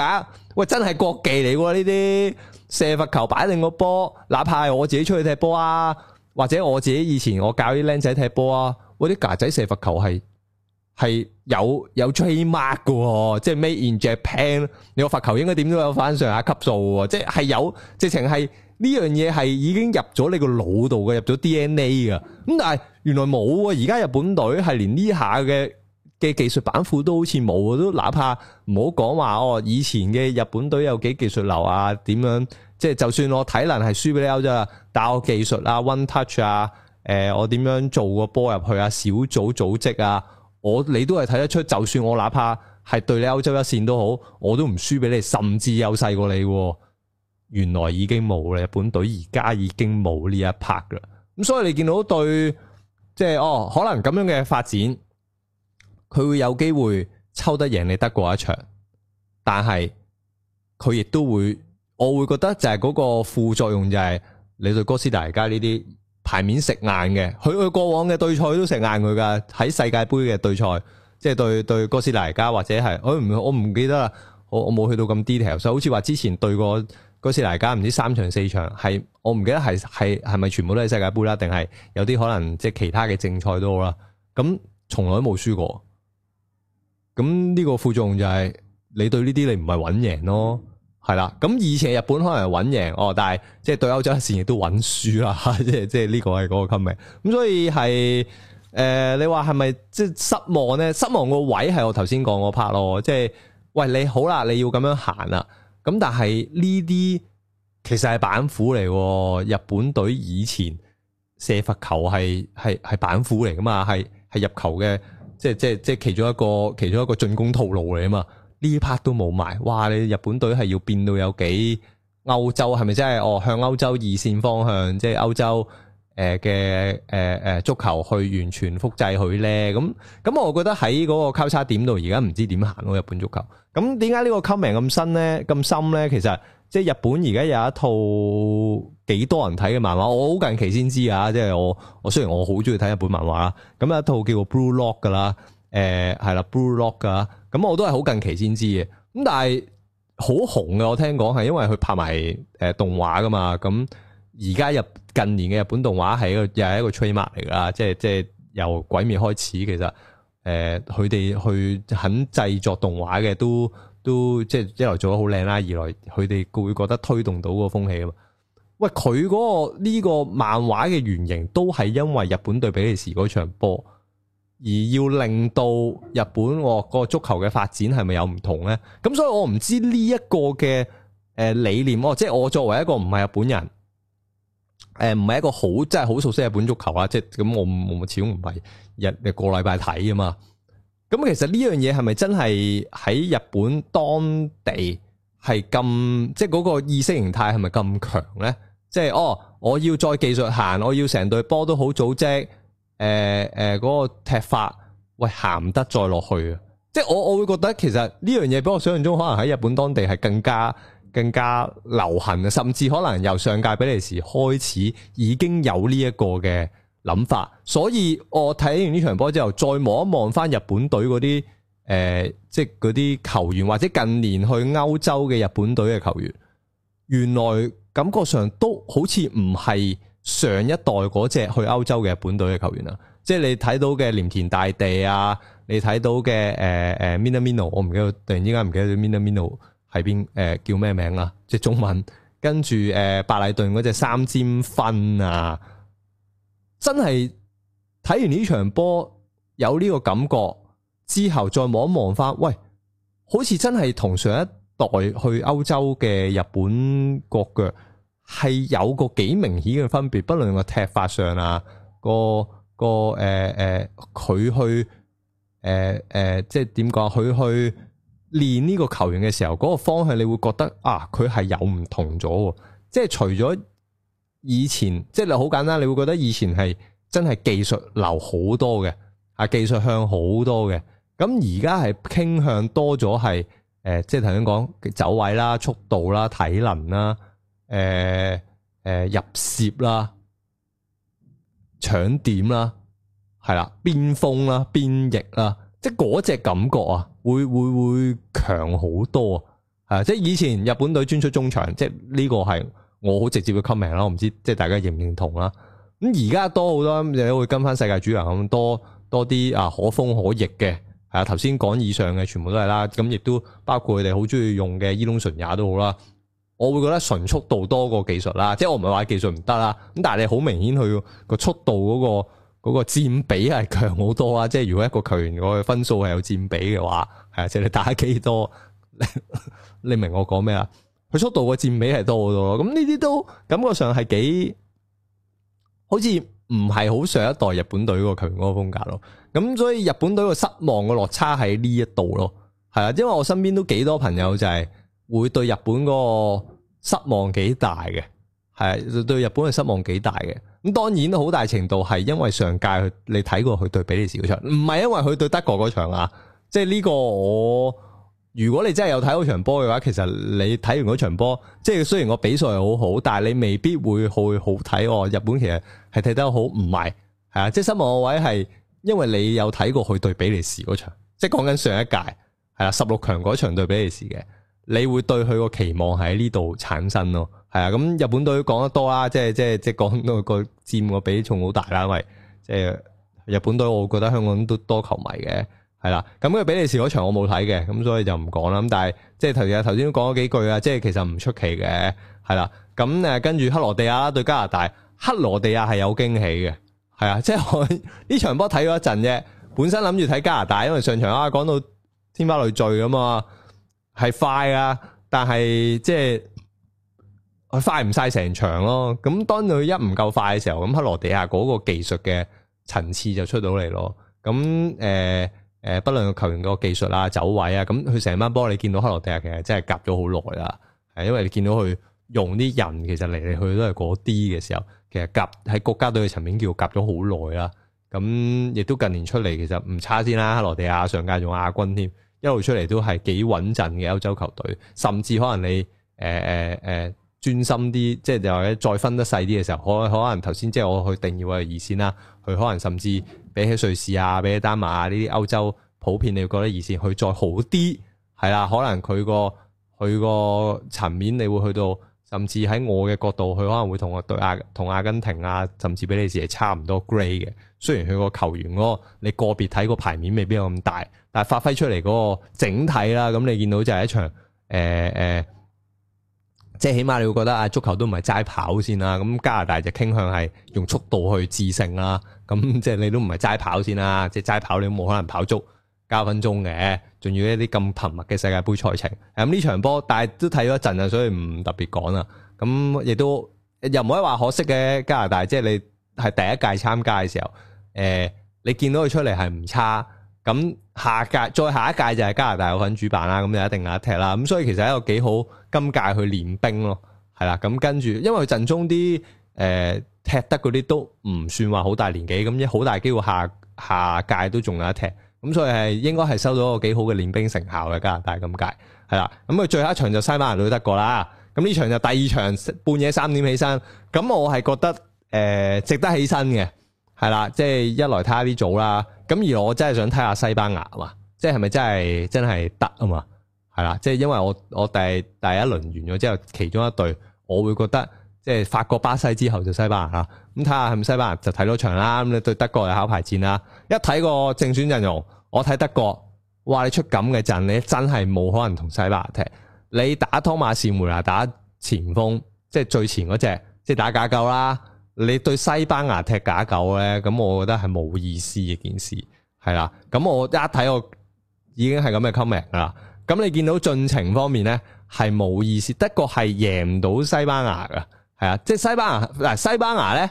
喂真係國技嚟喎，呢啲射罰球，擺定個波，哪怕係我自己出去踢波啊，或者我自己以前我教啲僆仔踢波啊，喂啲㗎仔射罰球係係有有 trademark 噶，即係 make in Japan，你個罰球應該點都有翻上下級數嘅，即係有直情係呢樣嘢係已經入咗你個腦度嘅，入咗 DNA 噶，咁但係原來冇啊，而家日本隊係連呢下嘅。嘅技術板斧都好似冇，都哪怕唔好講話哦。以前嘅日本隊有幾技術流啊？點樣即係就算我體能係輸俾你歐洲，但我技術啊，one touch 啊，誒、呃，我點樣做個波入去啊？小組組織啊，我你都係睇得出。就算我哪怕係對你歐洲一線都好，我都唔輸俾你，甚至優勢過你，啊。原來已經冇啦，日本隊而家已經冇呢一 part 啦。咁所以你見到對即係哦，可能咁樣嘅發展。佢會有機會抽得贏你得過一場，但係佢亦都會，我會覺得就係嗰個副作用就係你對哥斯達黎加呢啲牌面食硬嘅，佢去過往嘅對賽都食硬佢噶，喺世界盃嘅對賽，即係對對哥斯達黎加或者係我唔我唔記得啦，我我冇去到咁 detail，所以好似話之前對過哥斯達黎加唔知三場四場係我唔記得係係係咪全部都係世界盃啦，定係有啲可能即係其他嘅正賽都好啦，咁從來都冇輸過。咁呢個副作用就係你對呢啲你唔係穩贏咯，係啦。咁以前日本可能係穩贏哦，但係即係對歐洲一線亦都穩輸啦，即係即係呢個係嗰個襟名。咁所以係誒、呃，你話係咪即係失望咧？失望個位係我頭先講嗰 part 咯，即係喂你好啦，你要咁樣行啦。咁但係呢啲其實係板斧嚟，日本隊以前射罰球係係係板斧嚟噶嘛，係係入球嘅。即係即係即係其中一個其中一個進攻套路嚟啊嘛，呢 part 都冇埋，哇！你日本隊係要變到有幾歐洲係咪真係哦？向歐洲二線方向，即係歐洲誒嘅誒誒足球去完全複製佢咧？咁、嗯、咁、嗯，我覺得喺嗰個交叉點度，而家唔知點行咯、啊，日本足球。咁點解呢個 coming 咁新咧？咁深咧？其實。即係日本而家有一套幾多人睇嘅漫畫，我好近期先知啊！即係我我雖然我好中意睇日本漫畫，咁有一套叫《Blue Lock》噶、呃、啦，誒係啦，《Blue Lock》噶，咁我都係好近期先知嘅。咁但係好紅嘅，我聽講係因為佢拍埋誒動畫噶嘛。咁而家日近年嘅日本動畫係一個又係一個趨勢嚟㗎，即係即係由鬼滅開始，其實誒佢哋去肯製作動畫嘅都。都即係一來做得好靚啦，二來佢哋會覺得推動到個風氣啊嘛。喂，佢嗰個呢個漫畫嘅原型都係因為日本對比利時嗰場波，而要令到日本個足球嘅發展係咪有唔同咧？咁所以我唔知呢一個嘅誒理念，即係我作為一個唔係日本人，誒唔係一個好即係好熟悉日本足球啊，即係咁我我始終唔係一誒個禮拜睇啊嘛。咁其實呢樣嘢係咪真係喺日本當地係咁，即係嗰個意識形態係咪咁強呢？即係哦，我要再技術行，我要成隊波都好組織，誒誒嗰個踢法，喂行唔得再落去啊！即係我我會覺得其實呢樣嘢比我想象中可能喺日本當地係更加更加流行啊，甚至可能由上屆比利時開始已經有呢一個嘅諗法，所以我睇完呢場波之後，再望一望返日本隊嗰啲誒，即係嗰啲球員或者近年去歐洲嘅日本隊嘅球員，原來感覺上都好似唔係上一代嗰隻去歐洲嘅日本隊嘅球員啊。即係你睇到嘅鐮田大地啊，你睇到嘅誒誒、呃、Minamino 我唔記得，突然之間唔記得咗 Minamino 係邊誒叫咩名啊？即係中文，跟住誒白禮頓嗰隻三尖分啊！真係睇完呢場波有呢個感覺之後，再望一望翻，喂，好似真係同上一代去歐洲嘅日本國腳係有個幾明顯嘅分別，不論個踢法上啊，個個誒誒，佢去誒誒，即係點講？佢去練呢個球員嘅時候，嗰個方向你會覺得啊，佢係有唔同咗，即係除咗。以前即係你好簡單，你會覺得以前係真係技術流好多嘅，係技術向好多嘅。咁而家係傾向多咗係，誒、呃，即係頭先講走位啦、速度啦、體能啦、誒、呃、誒、呃、入攝啦、搶點啦，係啦，邊鋒啦、邊翼啦，即係嗰隻感覺啊，會會會強好多啊！即係以前日本隊專出中場，即係呢個係。我好直接嘅 comment 啦，我唔知即係大家認唔認同啦。咁而家多好多，你會跟翻世界主流咁多多啲啊，可攻可逸嘅，係啊。頭先講以上嘅全部都係啦。咁亦都包括佢哋好中意用嘅伊東純也都好啦。我會覺得純速度多過技術啦，即係我唔係話技術唔得啦。咁但係你好明顯佢個速度嗰個嗰個佔比係強好多啦。即係如果一個球員個分數係有佔比嘅話，係啊，即係你打幾多， 你明我講咩啦？佢速度嘅佔比係多好多咯，咁呢啲都感覺上係幾好似唔係好上一代日本隊個球員嗰個風格咯，咁所以日本隊個失望嘅落差喺呢一度咯，係啊，因為我身邊都幾多朋友就係會對日本個失望幾大嘅，係對日本嘅失望幾大嘅，咁當然都好大程度係因為上屆你睇過佢對比利時嗰場，唔係因為佢對德國嗰場啊，即係呢個我。.如果你真係有睇嗰場波嘅話，其實你睇完嗰場波，即係雖然個比賽係好好，但係你未必會去好睇。日本其實係睇得好，唔係係啊。即係失望嘅位係，因為你有睇過去對比利時嗰場，即係講緊上一屆係啊十六強嗰場對比利時嘅，你會對佢個期望喺呢度產生咯。係啊，咁日本隊講得多啦，即係即係即係講個佔個比重好大啦，因為即係日本隊，我覺得香港都多球迷嘅。係啦，咁佢比利時嗰場我冇睇嘅，咁所以就唔講啦。咁但係即係頭日頭先都講咗幾句啊，即係其實唔出奇嘅，係啦。咁誒跟住克羅地亞對加拿大，克羅地亞係有驚喜嘅，係啊，即係我呢場波睇咗一陣啫。本身諗住睇加拿大，因為上場啊講到天花亂墜咁嘛，係快啊，但係即係快唔晒成場咯。咁當佢一唔夠快嘅時候，咁克羅地亞嗰個技術嘅層次就出到嚟咯。咁誒。呃誒、呃，不論個球員個技術啦、啊、走位啊，咁佢成班波你見到克羅地亞其實真係夾咗好耐啦，係因為你見到佢用啲人其實嚟嚟去去都係嗰啲嘅時候，其實夾喺國家隊嘅層面叫夾咗好耐啦。咁亦都近年出嚟其實唔差先啦，克羅地亞上屆仲亞軍添，一路出嚟都係幾穩陣嘅歐洲球隊，甚至可能你誒誒誒專心啲，即係就話咧再分得細啲嘅時候，可可能頭先即係我去定義係二線啦，佢可能甚至。比起瑞士啊，比起丹麥啊，呢啲歐洲普遍你會覺得以前佢再好啲，係啦，可能佢個佢個層面你會去到，甚至喺我嘅角度，佢可能會同我對亞同阿根廷啊，甚至比利時係差唔多 great 嘅。雖然佢個球員嗰個你個別睇個牌面未必有咁大，但係發揮出嚟嗰個整體啦，咁你見到就係一場誒誒。呃呃即係起碼你會覺得啊，足球都唔係齋跑先啦，咁加拿大就傾向係用速度去致勝啦。咁即係你都唔係齋跑先啦，即係齋跑你都冇可能跑足加分鐘嘅，仲要一啲咁頻密嘅世界盃賽程。咁、嗯、呢場波，但係都睇咗一陣啊，所以唔特別講啦。咁亦都又唔可以話可惜嘅加拿大，即係你係第一屆參加嘅時候，誒、呃，你見到佢出嚟係唔差咁。下屆再下一屆就係加拿大有份主辦啦，咁就一定有一踢啦，咁所以其實一個幾好今屆去練兵咯，係啦，咁跟住因為陣中啲誒、呃、踢得嗰啲都唔算話好大年紀，咁一好大機會下下屆都仲有一踢，咁所以係應該係收到一個幾好嘅練兵成效嘅加拿大咁屆，係啦，咁佢最後一場就西班牙對德國啦，咁呢場就第二場半夜三點起身，咁我係覺得誒、呃、值得起身嘅，係啦，即、就、係、是、一來睇下啲組啦。咁而我真係想睇下西班牙嘛，即係咪真係真係得啊嘛？係啦，即係因為我我第第一輪完咗之後，其中一隊我會覺得即係法國巴西之後就西班牙啦，咁睇下係咪西班牙就睇多場啦。咁你對德國又考牌戰啦，一睇個正選陣容，我睇德國，哇！你出咁嘅陣你真係冇可能同西班牙踢。你打湯馬士梅拿打前鋒，即係最前嗰隻，即係打假九啦。你對西班牙踢假狗咧，咁我覺得係冇意思嘅件事，係啦。咁我一睇我已經係咁嘅 comment 啦。咁你見到進程方面咧係冇意思，德國係贏唔到西班牙噶，係啊。即係西班牙嗱，西班牙咧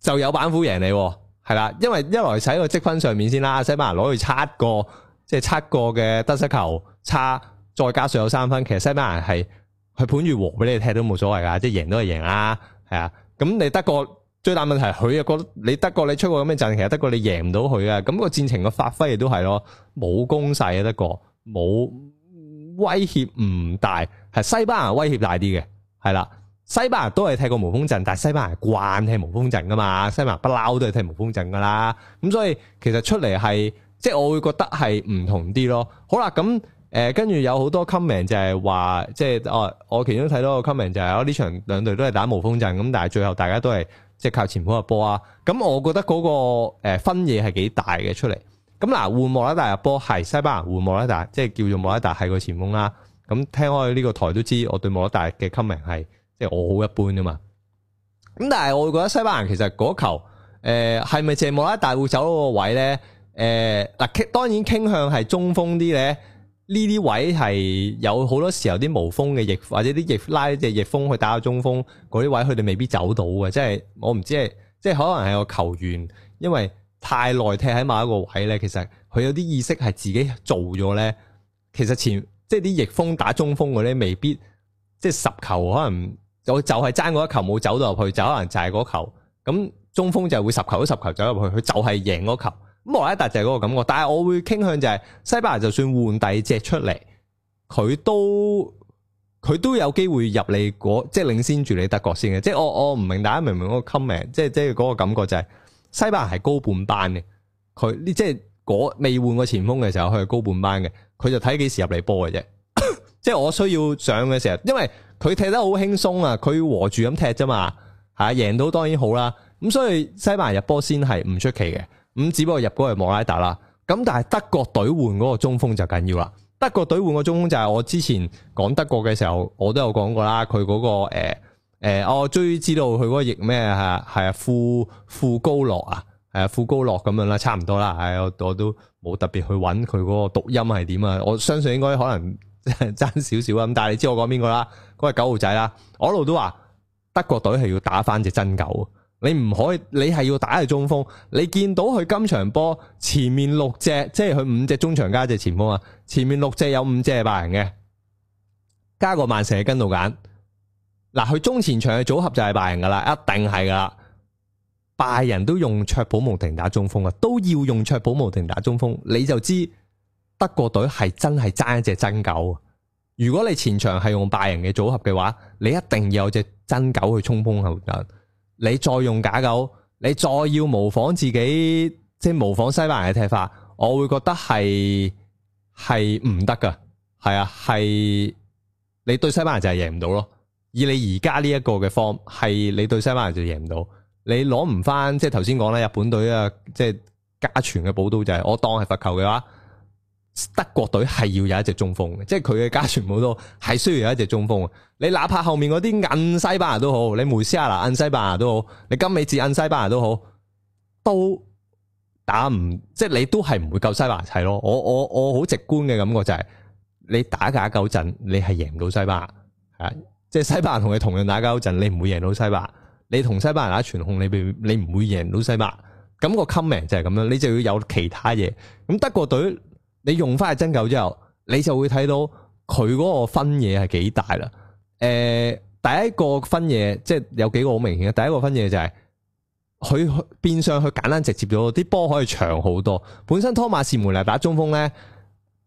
就有板斧贏你，係啦。因為一來喺個積分上面先啦，西班牙攞去七個，即係七個嘅得失球差，再加上有三分，其實西班牙係佢盤住和俾你踢都冇所謂噶，即係贏都係贏啦，係啊。咁你德國最大問題係，佢又覺得你德國你出過咁嘅陣，其實德國你贏唔到佢嘅，咁個戰情嘅發揮亦都係咯，冇攻勢啊，德國冇威脅唔大，係西班牙威脅大啲嘅，係啦，西班牙都係踢過無鋒陣，但係西班牙慣踢無鋒陣噶嘛，西班牙不嬲都係踢無鋒陣噶啦，咁所以其實出嚟係，即係我會覺得係唔同啲咯，好啦，咁。誒跟住有好多 comment 就係話，即係哦，我其中睇到個 comment 就係、是，我呢場兩隊都係打無風陣，咁但係最後大家都係即係靠前鋒入波啊。咁我覺得嗰個分野係幾大嘅出嚟。咁嗱，換莫拉達入波係西班牙換莫拉達，即係叫做莫拉達係個前鋒啦。咁、啊、聽開呢個台都知，我對莫拉達嘅 comment 係即係我好一般啊嘛。咁但係我覺得西班牙其實嗰球誒係咪借莫拉達會走嗰個位咧？誒、呃、嗱，當然傾向係中鋒啲咧。呢啲位係有好多時候啲無鋒嘅翼，或者啲翼拉隻翼鋒去打中鋒嗰啲位，佢哋未必走到嘅。即係我唔知係即係可能係個球員，因為太耐踢喺某一個位咧，其實佢有啲意識係自己做咗咧。其實前即係啲翼鋒打中鋒嗰啲未必，即係十球可能就就係爭嗰一球冇走到入去，就可能就係嗰球。咁中鋒就會十球十球走入去，佢就係贏嗰球。咁啊！莫拉達就係嗰個感覺，但係我會傾向就係西班牙就算換第二隻出嚟，佢都佢都有機會入你嗰即係領先住你德國先嘅。即係我我唔明大家明唔明嗰個 comment？即係即係嗰個感覺就係西班牙係高半班嘅，佢呢即係未換過前鋒嘅時候，佢係高半班嘅。佢就睇幾時入嚟波嘅啫。 即係我需要上嘅時候，因為佢踢得好輕鬆啊，佢要和住咁踢啫嘛嚇，贏到當然好啦。咁所以西班牙入波先係唔出奇嘅。咁只不過入嗰個係莫拉達啦，咁但係德國隊換嗰個中鋒就緊要啦。德國隊換個中鋒就係我之前講德國嘅時候，我都有講過啦。佢嗰、那個誒誒、欸欸，我終於知道佢嗰個譯咩係啊係啊，富富高洛啊，係啊富高洛咁樣啦，差唔多啦。係、啊、我我都冇特別去揾佢嗰個讀音係點啊。我相信應該可能爭少少啊。咁但係你知我講邊個啦？嗰、那個九號仔啦，我一路都話德國隊係要打翻隻真9。你唔可以，你係要打佢中鋒。你見到佢今場波前面六隻，即係佢五隻中場加隻前鋒啊！前面六隻有五隻係拜仁嘅，加個曼城喺跟度揀。嗱，佢中前場嘅組合就係拜仁噶啦，一定係噶啦。拜仁都用卓普莫廷打中鋒啊，都要用卓普莫廷打中鋒。你就知德國隊係真係爭一隻真狗。如果你前場係用拜仁嘅組合嘅話，你一定要有隻真狗去衝鋒後跟。你再用假狗，你再要模仿自己，即係模仿西班牙嘅踢法，我會覺得係係唔得噶，係啊，係你對西班牙就係贏唔到咯。以你而家呢一個嘅 form，係你對西班牙就贏唔到，你攞唔翻，即係頭先講啦，日本隊啊，即係家傳嘅寶刀就係，我當係罰球嘅話。德國隊係要有一隻中鋒嘅，即係佢嘅家全部都係需要有一隻中鋒。你哪怕後面嗰啲硬西班牙都好，你梅斯亞拿硬西班牙都好，你金尾治硬西班牙都好，都打唔即係你都係唔會夠西班牙係咯。我我我好直觀嘅感覺就係，你打假夠陣，你係贏唔到西班牙，係即係西班牙同佢同樣打假夠陣，你唔會贏到西班牙。你同西班牙打全控，你你唔會贏到西班牙。咁個 comment 就係咁樣，你就要有其他嘢。咁德國隊。你用翻係真9之後，你就會睇到佢嗰個分野係幾大啦。誒、呃，第一個分野即係有幾個好明顯嘅。第一個分野就係佢變相去簡單直接咗，啲波可以長好多。本身托馬士梅拿打中鋒呢，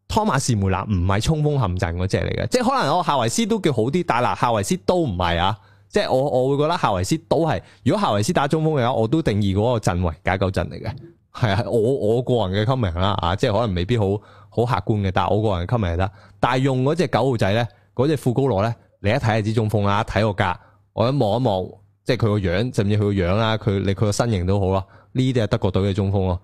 托馬士梅拿唔係衝鋒陷陣嗰隻嚟嘅，即係可能我夏維斯都叫好啲，但係夏維斯都唔係啊，即係我我會覺得夏維斯都係，如果夏維斯打中鋒嘅話，我都定義嗰個陣位解救陣嚟嘅。係啊，我我個人嘅 comment 啦，啊，即係可能未必好好客觀嘅，但係我個人 comment 係得。但係用嗰隻九號仔咧，嗰隻富高羅咧，你一睇下指中鋒啦，睇個格，我一望一望，即係佢個樣，甚至佢個樣啦，佢你佢個身形都好咯。呢啲係德國隊嘅中鋒咯，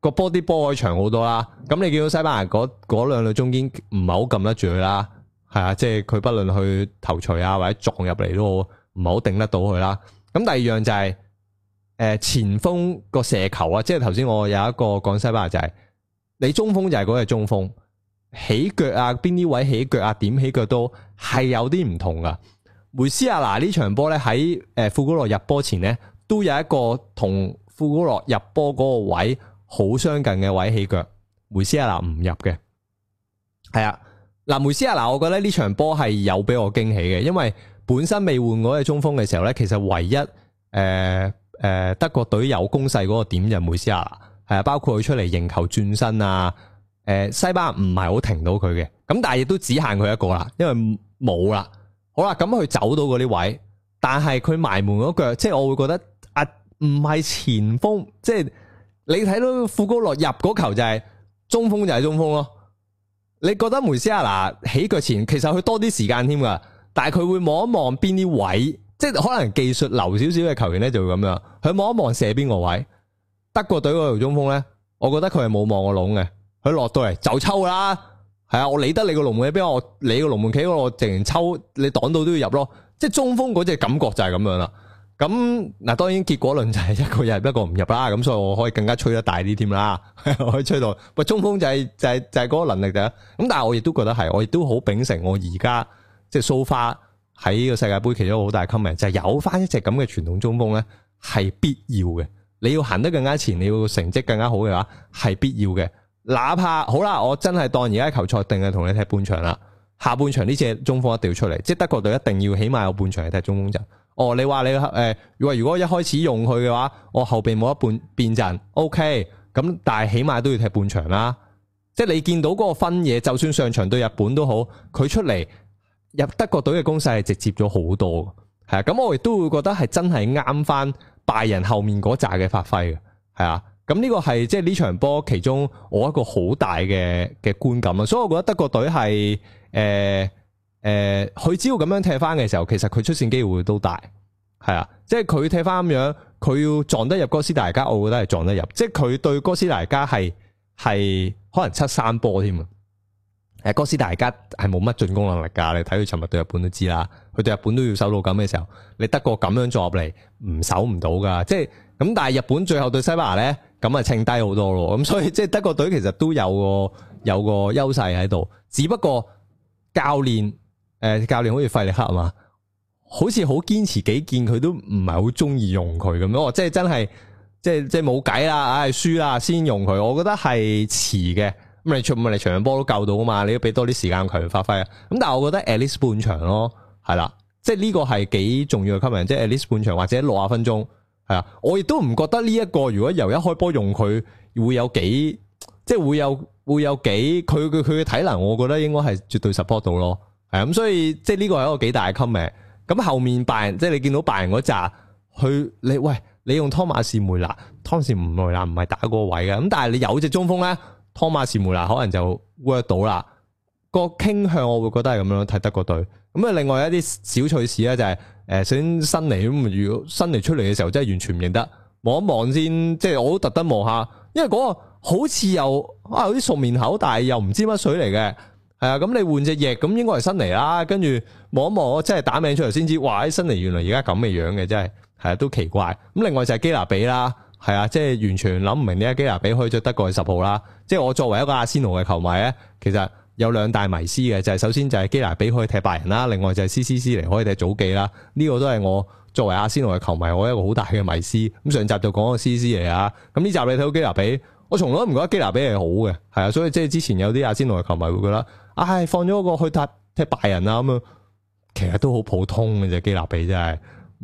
個 body 波可以長好多啦。咁你見到西班牙嗰嗰兩隊中堅唔係好撳得住佢啦，係啊，即係佢不論去頭鎚啊或者撞入嚟都好，唔係好頂得到佢啦。咁第二樣就係、是。誒，前鋒個射球啊，即係頭先我有一個講西班牙就係，你中鋒就係嗰個中鋒起腳啊，邊啲位起腳啊，點起腳都係有啲唔同噶。梅斯亞拿呢場波咧喺誒，富古洛入波前呢，都有一個同富古洛入波嗰個位好相近嘅位起腳。梅斯亞拿唔入嘅，係啊，嗱梅斯亞拿我覺得呢場波係有俾我驚喜嘅，因為本身未換嗰個中鋒嘅時候咧，其實唯一誒。呃誒，德國隊有攻勢嗰個點就梅斯亞拿，係啊，包括佢出嚟迎球轉身啊，誒，西班牙唔係好停到佢嘅，咁但係亦都只限佢一個啦，因為冇啦，好啦，咁佢走到嗰啲位，但係佢埋門嗰腳，即係我會覺得阿唔係前鋒，即係你睇到富高落入嗰球就係中鋒就係中鋒咯，你覺得梅斯亞拿，起腳前其實佢多啲時間添噶，但係佢會望一望邊啲位。即係可能技術流少少嘅球員咧，就會咁樣。佢望一望射邊個位，德國隊嗰條中鋒咧，我覺得佢係冇望我窿嘅。佢落到嚟就抽啦，係啊，我理得你個龍門嘅邊我，理你門我抽，你個龍門企嗰我竟然抽你擋到都要入咯。即係中鋒嗰隻感覺就係咁樣啦。咁嗱，當然結果論就係一個入，一個唔入啦。咁所以我可以更加吹得大啲添啦， 可以吹到。喂、就是，中鋒就係、是、就係就係嗰個能力啫。咁但係我亦都覺得係，我亦都好秉承我而家即係 so far。喺呢個世界盃，其實好大 comment，就係有翻一隻咁嘅傳統中鋒呢，係必要嘅。你要行得更加前，你要成績更加好嘅話，係必要嘅。哪怕好啦，我真係當而家球賽定係同你踢半場啦，下半場呢隻中鋒一定要出嚟，即係德國隊一定要起碼有半場係踢中鋒陣。哦，你話你誒、呃，如果一開始用佢嘅話，我後邊冇一半變陣，OK，咁但係起碼都要踢半場啦。即係你見到嗰個分嘢，就算上場對日本都好，佢出嚟。入德國隊嘅攻勢係直接咗好多，係啊，咁我亦都會覺得係真係啱翻拜仁後面嗰扎嘅發揮嘅，係啊，咁呢個係即係呢場波其中我一個好大嘅嘅觀感啊，所以我覺得德國隊係誒誒，佢、呃呃、只要咁樣踢翻嘅時候，其實佢出線機會都大，係啊，即係佢踢翻咁樣，佢要撞得入哥斯達黎加，我覺得係撞得入，即係佢對哥斯達黎加係係可能七三波添。哥斯達加係冇乜進攻能力噶，你睇佢尋日對日本都知啦。佢對日本都要守到咁嘅時候，你德國咁樣做入嚟唔守唔到噶。即係咁，但係日本最後對西班牙呢，咁啊，稱低好多咯。咁所以即係德國隊其實都有個有個優勢喺度，只不過教練誒、呃、教練好似費力克啊嘛，好似好堅持己見，佢都唔係好中意用佢咁咯。即係真係即係即係冇計啦，唉輸啦先用佢，我覺得係遲嘅。咁你出咪你全場波都夠到啊嘛！你要俾多啲時間佢發揮啊！咁但係我覺得 at least 半場咯，係啦，即係呢個係幾重要嘅 commit 即係 at least 半場或者六十分鐘，係啊，我亦都唔覺得呢、這、一個如果由一開波用佢會有幾，即係會有會有幾佢佢佢嘅體能，我覺得應該係絕對 support 到咯，係啊，咁所以即係呢個係一個幾大嘅 commit 咁後面拜仁，即係你見到拜仁嗰扎，佢你喂你用湯馬士梅拿湯士梅拿唔係打嗰個位嘅，咁但係你有隻中鋒咧。托馬士梅拿可能就 work 到啦，個傾向我會覺得係咁樣睇德國隊。咁啊，另外一啲小趣事咧就係、是、誒，呃、首先新嚟咁，如果新嚟出嚟嘅時候真係完全唔認得，望一望先，即、就、係、是、我都特登望下，因為嗰個好似又啊有啲熟面口，但係又唔知乜水嚟嘅，係啊，咁你換隻翼咁應該係新嚟啦，跟住望一望，真係打名出嚟先知，哇！啲新嚟原來而家咁嘅樣嘅，真係係啊，都奇怪。咁另外就係基拿比啦。係啊，即係完全諗唔明呢，一基拿比開咗德國嘅十號啦。即係我作為一個阿仙奴嘅球迷咧，其實有兩大迷思嘅，就係、是、首先就係基拿比可以踢拜仁啦，另外就係 C C C 嚟，可以踢祖記啦。呢、這個都係我作為阿仙奴嘅球迷，我一個好大嘅迷思。咁上集就講個 C C 嚟啊，咁呢集你睇到基拿比，我從來都唔覺得基拿比係好嘅。係啊，所以即係之前有啲阿仙奴嘅球迷會覺得，唉、哎，放咗個去踢踢拜仁啊咁啊，其實都好普通嘅啫，基拿比真係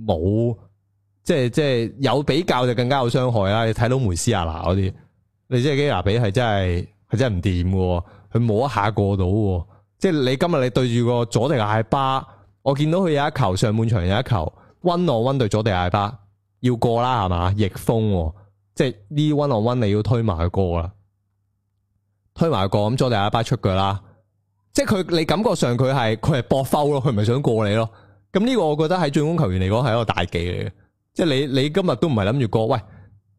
冇。即係即係有比較就更加有傷害啦！你睇到梅斯亞拿嗰啲，你即係基拿比係真係係真係唔掂嘅，佢冇一下過到。即係你今日你對住個佐迪亞巴，我見到佢有一球上半場有一球，one-on-one 對佐迪亞巴要過啦，係嘛逆風喔，即係呢 one-on-one 你要推埋佢過去啦，推埋過咁佐迪亞巴出腳啦。即係佢你感覺上佢係佢係搏 foul 咯，佢唔係想過你咯。咁呢個我覺得喺進攻球員嚟講係一個大忌嚟嘅。即係你你今日都唔係諗住過，喂！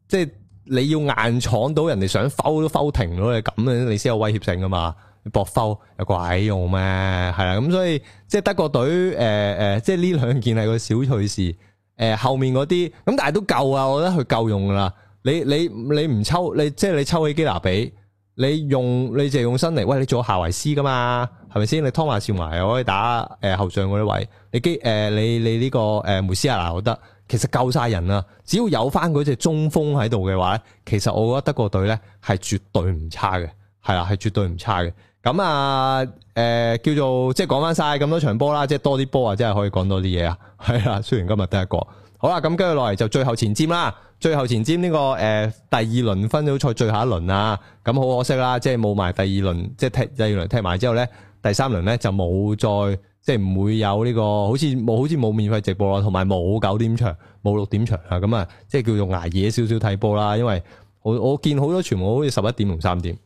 即係你要硬闖到人哋想 foul 都 foul 停咯，你咁樣你先有威脅性噶嘛？搏 foul 有鬼用咩？係啦，咁所以即係德國隊誒誒，即係呢兩件係個小趣事。誒，後面嗰啲咁，但係都夠啊！我覺得佢夠用噶啦。你你你唔抽，你即係你抽起基拿比，你用你就用身嚟，喂，你做夏維斯噶嘛？係咪先？你湯華笑埋又可以打誒後上嗰啲位，你基誒你你呢個誒梅西阿拿都得。其實夠晒人啦，啊，只要有翻嗰隻中鋒喺度嘅話咧，其實我覺得德國隊咧係絕對唔差嘅，係啦，係絕對唔差嘅。咁啊，誒、呃、叫做即係講翻晒咁多場波啦，即係多啲波啊，即係可以講多啲嘢啊，係啦。雖然今日得一個，好啦，咁跟住落嚟就最後前瞻啦，最後前瞻呢，這個誒、呃、第二輪分組賽最後一輪啊，咁好可惜啦，即係冇埋第二輪，即係踢第二輪踢埋之後咧，第三輪咧就冇再。即係唔會有呢個，好似冇好似冇免費直播咯，同埋冇九點場、冇六點場啊！咁啊，即係叫做捱夜少少睇波啦，因為我我見好多全部好似十一點同三點。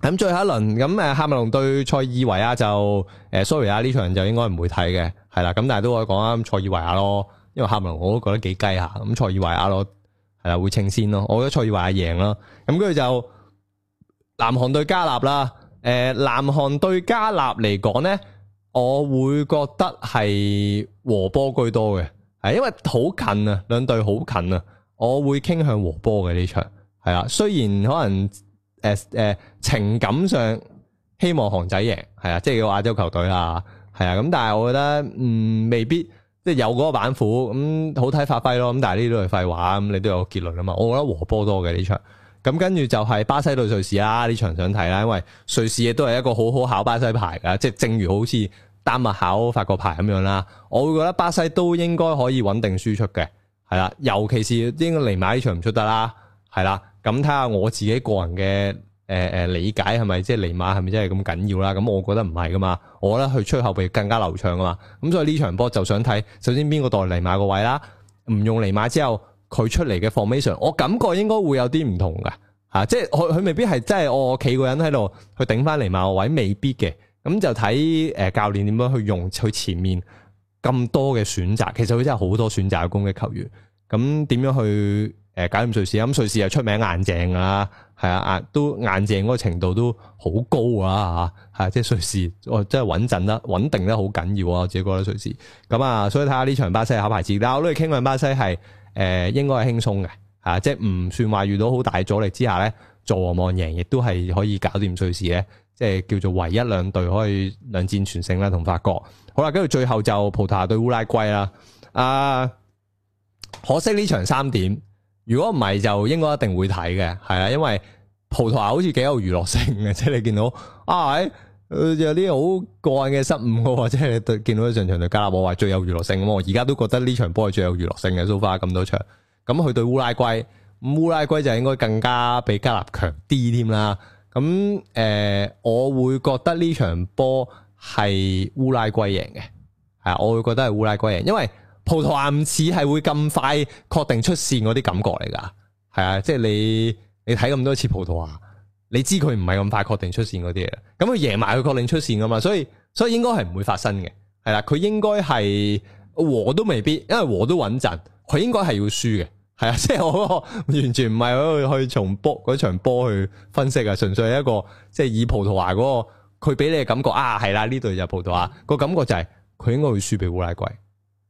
咁最後一輪咁誒，喀麥隆對塞爾維亞就誒，sorry 啊，呢場就應該唔會睇嘅，係啦。咁但係都可以講啊，塞爾維亞咯，因為喀麥隆我都覺得幾雞嚇，咁塞爾維亞咯係啦會清先咯，我覺得塞爾維亞贏咯。咁跟住就南韓對加納啦，誒南韓對加納嚟講咧。我會覺得係和波居多嘅，係因為好近啊，兩隊好近啊，我會傾向和波嘅呢場，係啦，雖然可能誒誒、呃呃、情感上希望韓仔贏，係啊，即係個亞洲球隊啦，係啊，咁但係我覺得嗯未必即係有嗰個板斧咁、嗯、好睇發揮咯，咁但係呢啲都係廢話，咁你都有結論啊嘛，我覺得和波多嘅呢場，咁跟住就係巴西對瑞士啦，呢場想睇啦，因為瑞士亦都係一個好好考巴西牌噶，即係正如好似。單物考發個牌咁樣啦，我會覺得巴西都應該可以穩定輸出嘅，係啦，尤其是應該尼馬呢場唔出得啦，係啦，咁睇下我自己個人嘅誒誒理解係咪即係尼馬係咪真係咁緊要啦？咁我覺得唔係噶嘛，我覺得佢出後備更加流暢啊嘛，咁所以呢場波就想睇，首先邊個代尼馬個位啦，唔用尼馬之後佢出嚟嘅 formation，我感覺應該會有啲唔同嘅吓、啊，即係佢佢未必係真係我企個人喺度去頂翻尼馬個位，未必嘅。咁就睇誒、呃、教練點樣去用佢前面咁多嘅選擇，其實佢真係好多選擇嘅攻擊球員。咁點樣去誒、呃、搞掂瑞士啊？咁、嗯、瑞士又出名硬淨啊，係啊，都硬淨嗰程度都好高啊嚇！係、啊、即係瑞士，我真係穩陣得、穩定得好緊要啊！我自己覺得瑞士咁啊，所以睇下呢場巴西考牌紙。但、啊、係我都係傾向巴西係誒、呃、應該係輕鬆嘅嚇、啊，即係唔算話遇到好大阻力之下咧，坐和望贏，亦都係可以搞掂瑞士嘅。即係叫做唯一兩隊可以兩戰全勝啦，同法國。好啦，跟住最後就葡萄牙對烏拉圭啦。啊，可惜呢場三點。如果唔係，就應該一定會睇嘅。係啊，因為葡萄牙好似幾有娛樂性嘅，即係你見到啊，呃、有啲好怪嘅失誤嘅，即係你見到上場對加納我話最有娛樂性咁。我而家都覺得呢場波係最有娛樂性嘅。so far 咁多場，咁佢對烏拉圭、嗯，烏拉圭就應該更加比加納強啲添啦。咁誒、嗯呃，我會覺得呢場波係烏拉圭贏嘅，係啊，我會覺得係烏拉圭贏，因為葡萄牙唔似係會咁快確定出線嗰啲感覺嚟㗎，係啊，即係你你睇咁多次葡萄牙，你知佢唔係咁快確定出線嗰啲嘅，咁佢贏埋佢確定出線㗎嘛，所以所以應該係唔會發生嘅，係啦，佢應該係和都未必，因為和都穩陣，佢應該係要輸嘅。係啊，即係我個完全唔係去去從波嗰場波去分析啊，純粹係一個即係以葡萄牙嗰個佢俾你嘅感覺啊，係啦，呢隊就葡萄牙個感覺就係佢應該會輸俾烏拉圭，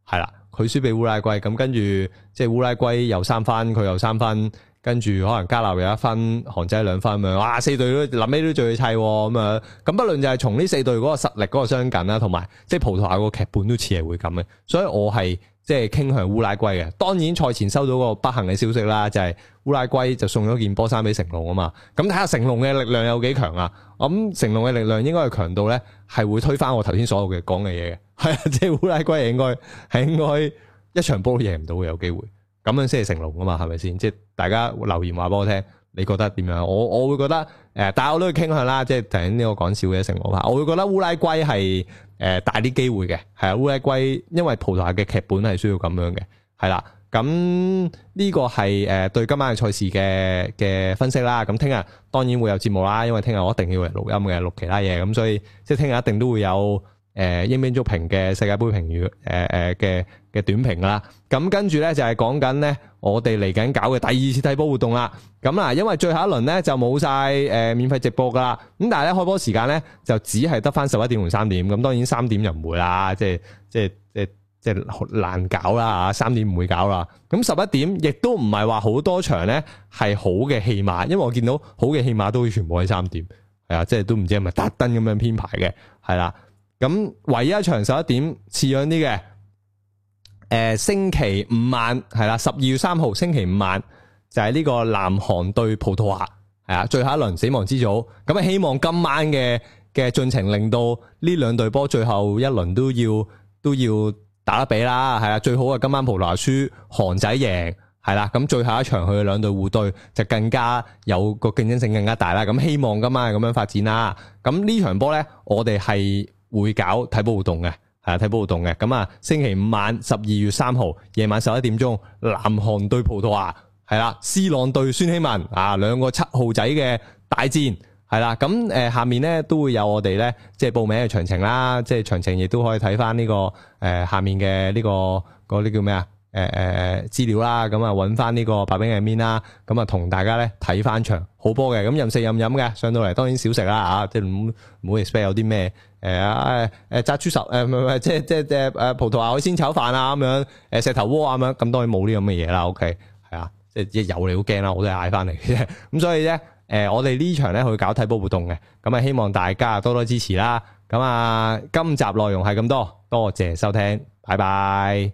係啦，佢輸俾烏拉圭，咁跟住即係烏拉圭又三分，佢又三分，跟住可能加納有一分，韓仔兩分咁樣，哇，四隊都諗起都最齊咁啊！咁不論就係從呢四隊嗰個實力嗰個相近啦，同埋即係葡萄牙個劇本都似係會咁嘅，所以我係。即係傾向烏拉圭嘅，當然賽前收到個不幸嘅消息啦，就係烏拉圭就送咗件波衫俾成龍啊嘛。咁睇下成龍嘅力量有幾強啊？咁成龍嘅力量應該係強到咧，係會推翻我頭先所有嘅講嘅嘢嘅。係啊，即係烏拉圭係應該係應該一場波贏唔到嘅，有機會咁樣先係成龍啊嘛？係咪先？即係大家留言話俾我聽。你覺得點樣？我我會覺得誒、呃，但係我都會傾向啦，即係頭先呢個講笑嘅成果派。我會覺得烏拉圭係誒大啲機會嘅，係烏拉圭，因為葡萄牙嘅劇本係需要咁樣嘅，係啦。咁呢個係誒、呃、對今晚嘅賽事嘅嘅分析啦。咁聽日當然會有節目啦，因為聽日我一定要嚟錄音嘅，錄其他嘢，咁所以即係聽日一定都會有誒、呃、鷹兵足評嘅世界盃評語誒誒嘅嘅短評啦。咁跟住咧就係講緊咧，我哋嚟緊搞嘅第二次睇波活動啦。咁啦，因為最後一輪咧就冇晒誒免費直播噶啦。咁但係咧開波時間咧就只係得翻十一點同三點。咁當然三點就唔會啦，即係即係即係即係難搞啦嚇。三點唔會搞啦。咁十一點亦都唔係話好多場咧係好嘅戲碼，因為我見到好嘅戲碼都會全部喺三點。係啊，即係都唔知係咪特登咁樣編排嘅。係啦。咁唯一一場十一點似樣啲嘅。誒，星期五晚係啦，十二月三號星期五晚就係呢個南韓對葡萄牙，係啊，最後一輪死亡之組。咁啊，希望今晚嘅嘅進程令到呢兩隊波最後一輪都要都要打得比啦，係啊，最好啊今晚葡萄牙輸，韓仔贏，係啦。咁最後一場佢哋兩隊互對就更加有個競爭性更加大啦。咁希望今晚係咁樣發展啦。咁呢場波呢，我哋係會搞睇波活動嘅。係睇波活動嘅。咁啊，星期五晚十二月三號夜晚十一點鐘，南韓對葡萄牙，係啦，C 朗對孫希文，啊，兩個七號仔嘅大戰，係啦，咁、嗯、誒，下面咧都會有我哋咧，即係報名嘅詳情啦，即係詳情亦都可以睇返呢個誒、呃，下面嘅呢、呢個嗰啲、那個、叫咩啊？誒誒資料啦，咁啊揾翻呢個白兵嘅面啦，咁啊同大家咧睇翻場好波嘅，咁任食任飲嘅，上到嚟當然小食啦，啊，即係唔唔好 expect 有啲咩，誒啊誒誒炸豬手，誒唔唔即係即係即係誒葡萄牙海鮮炒飯啊咁樣，誒石頭鍋啊咁樣，咁當然冇呢咁嘅嘢啦，OK 係啊，即係有你好驚啦，我都係嗌翻嚟嘅，咁 所以咧誒我哋呢場咧去搞睇波活動嘅，咁啊希望大家多多支持啦，咁啊今集內容係咁多，多謝收聽，拜拜。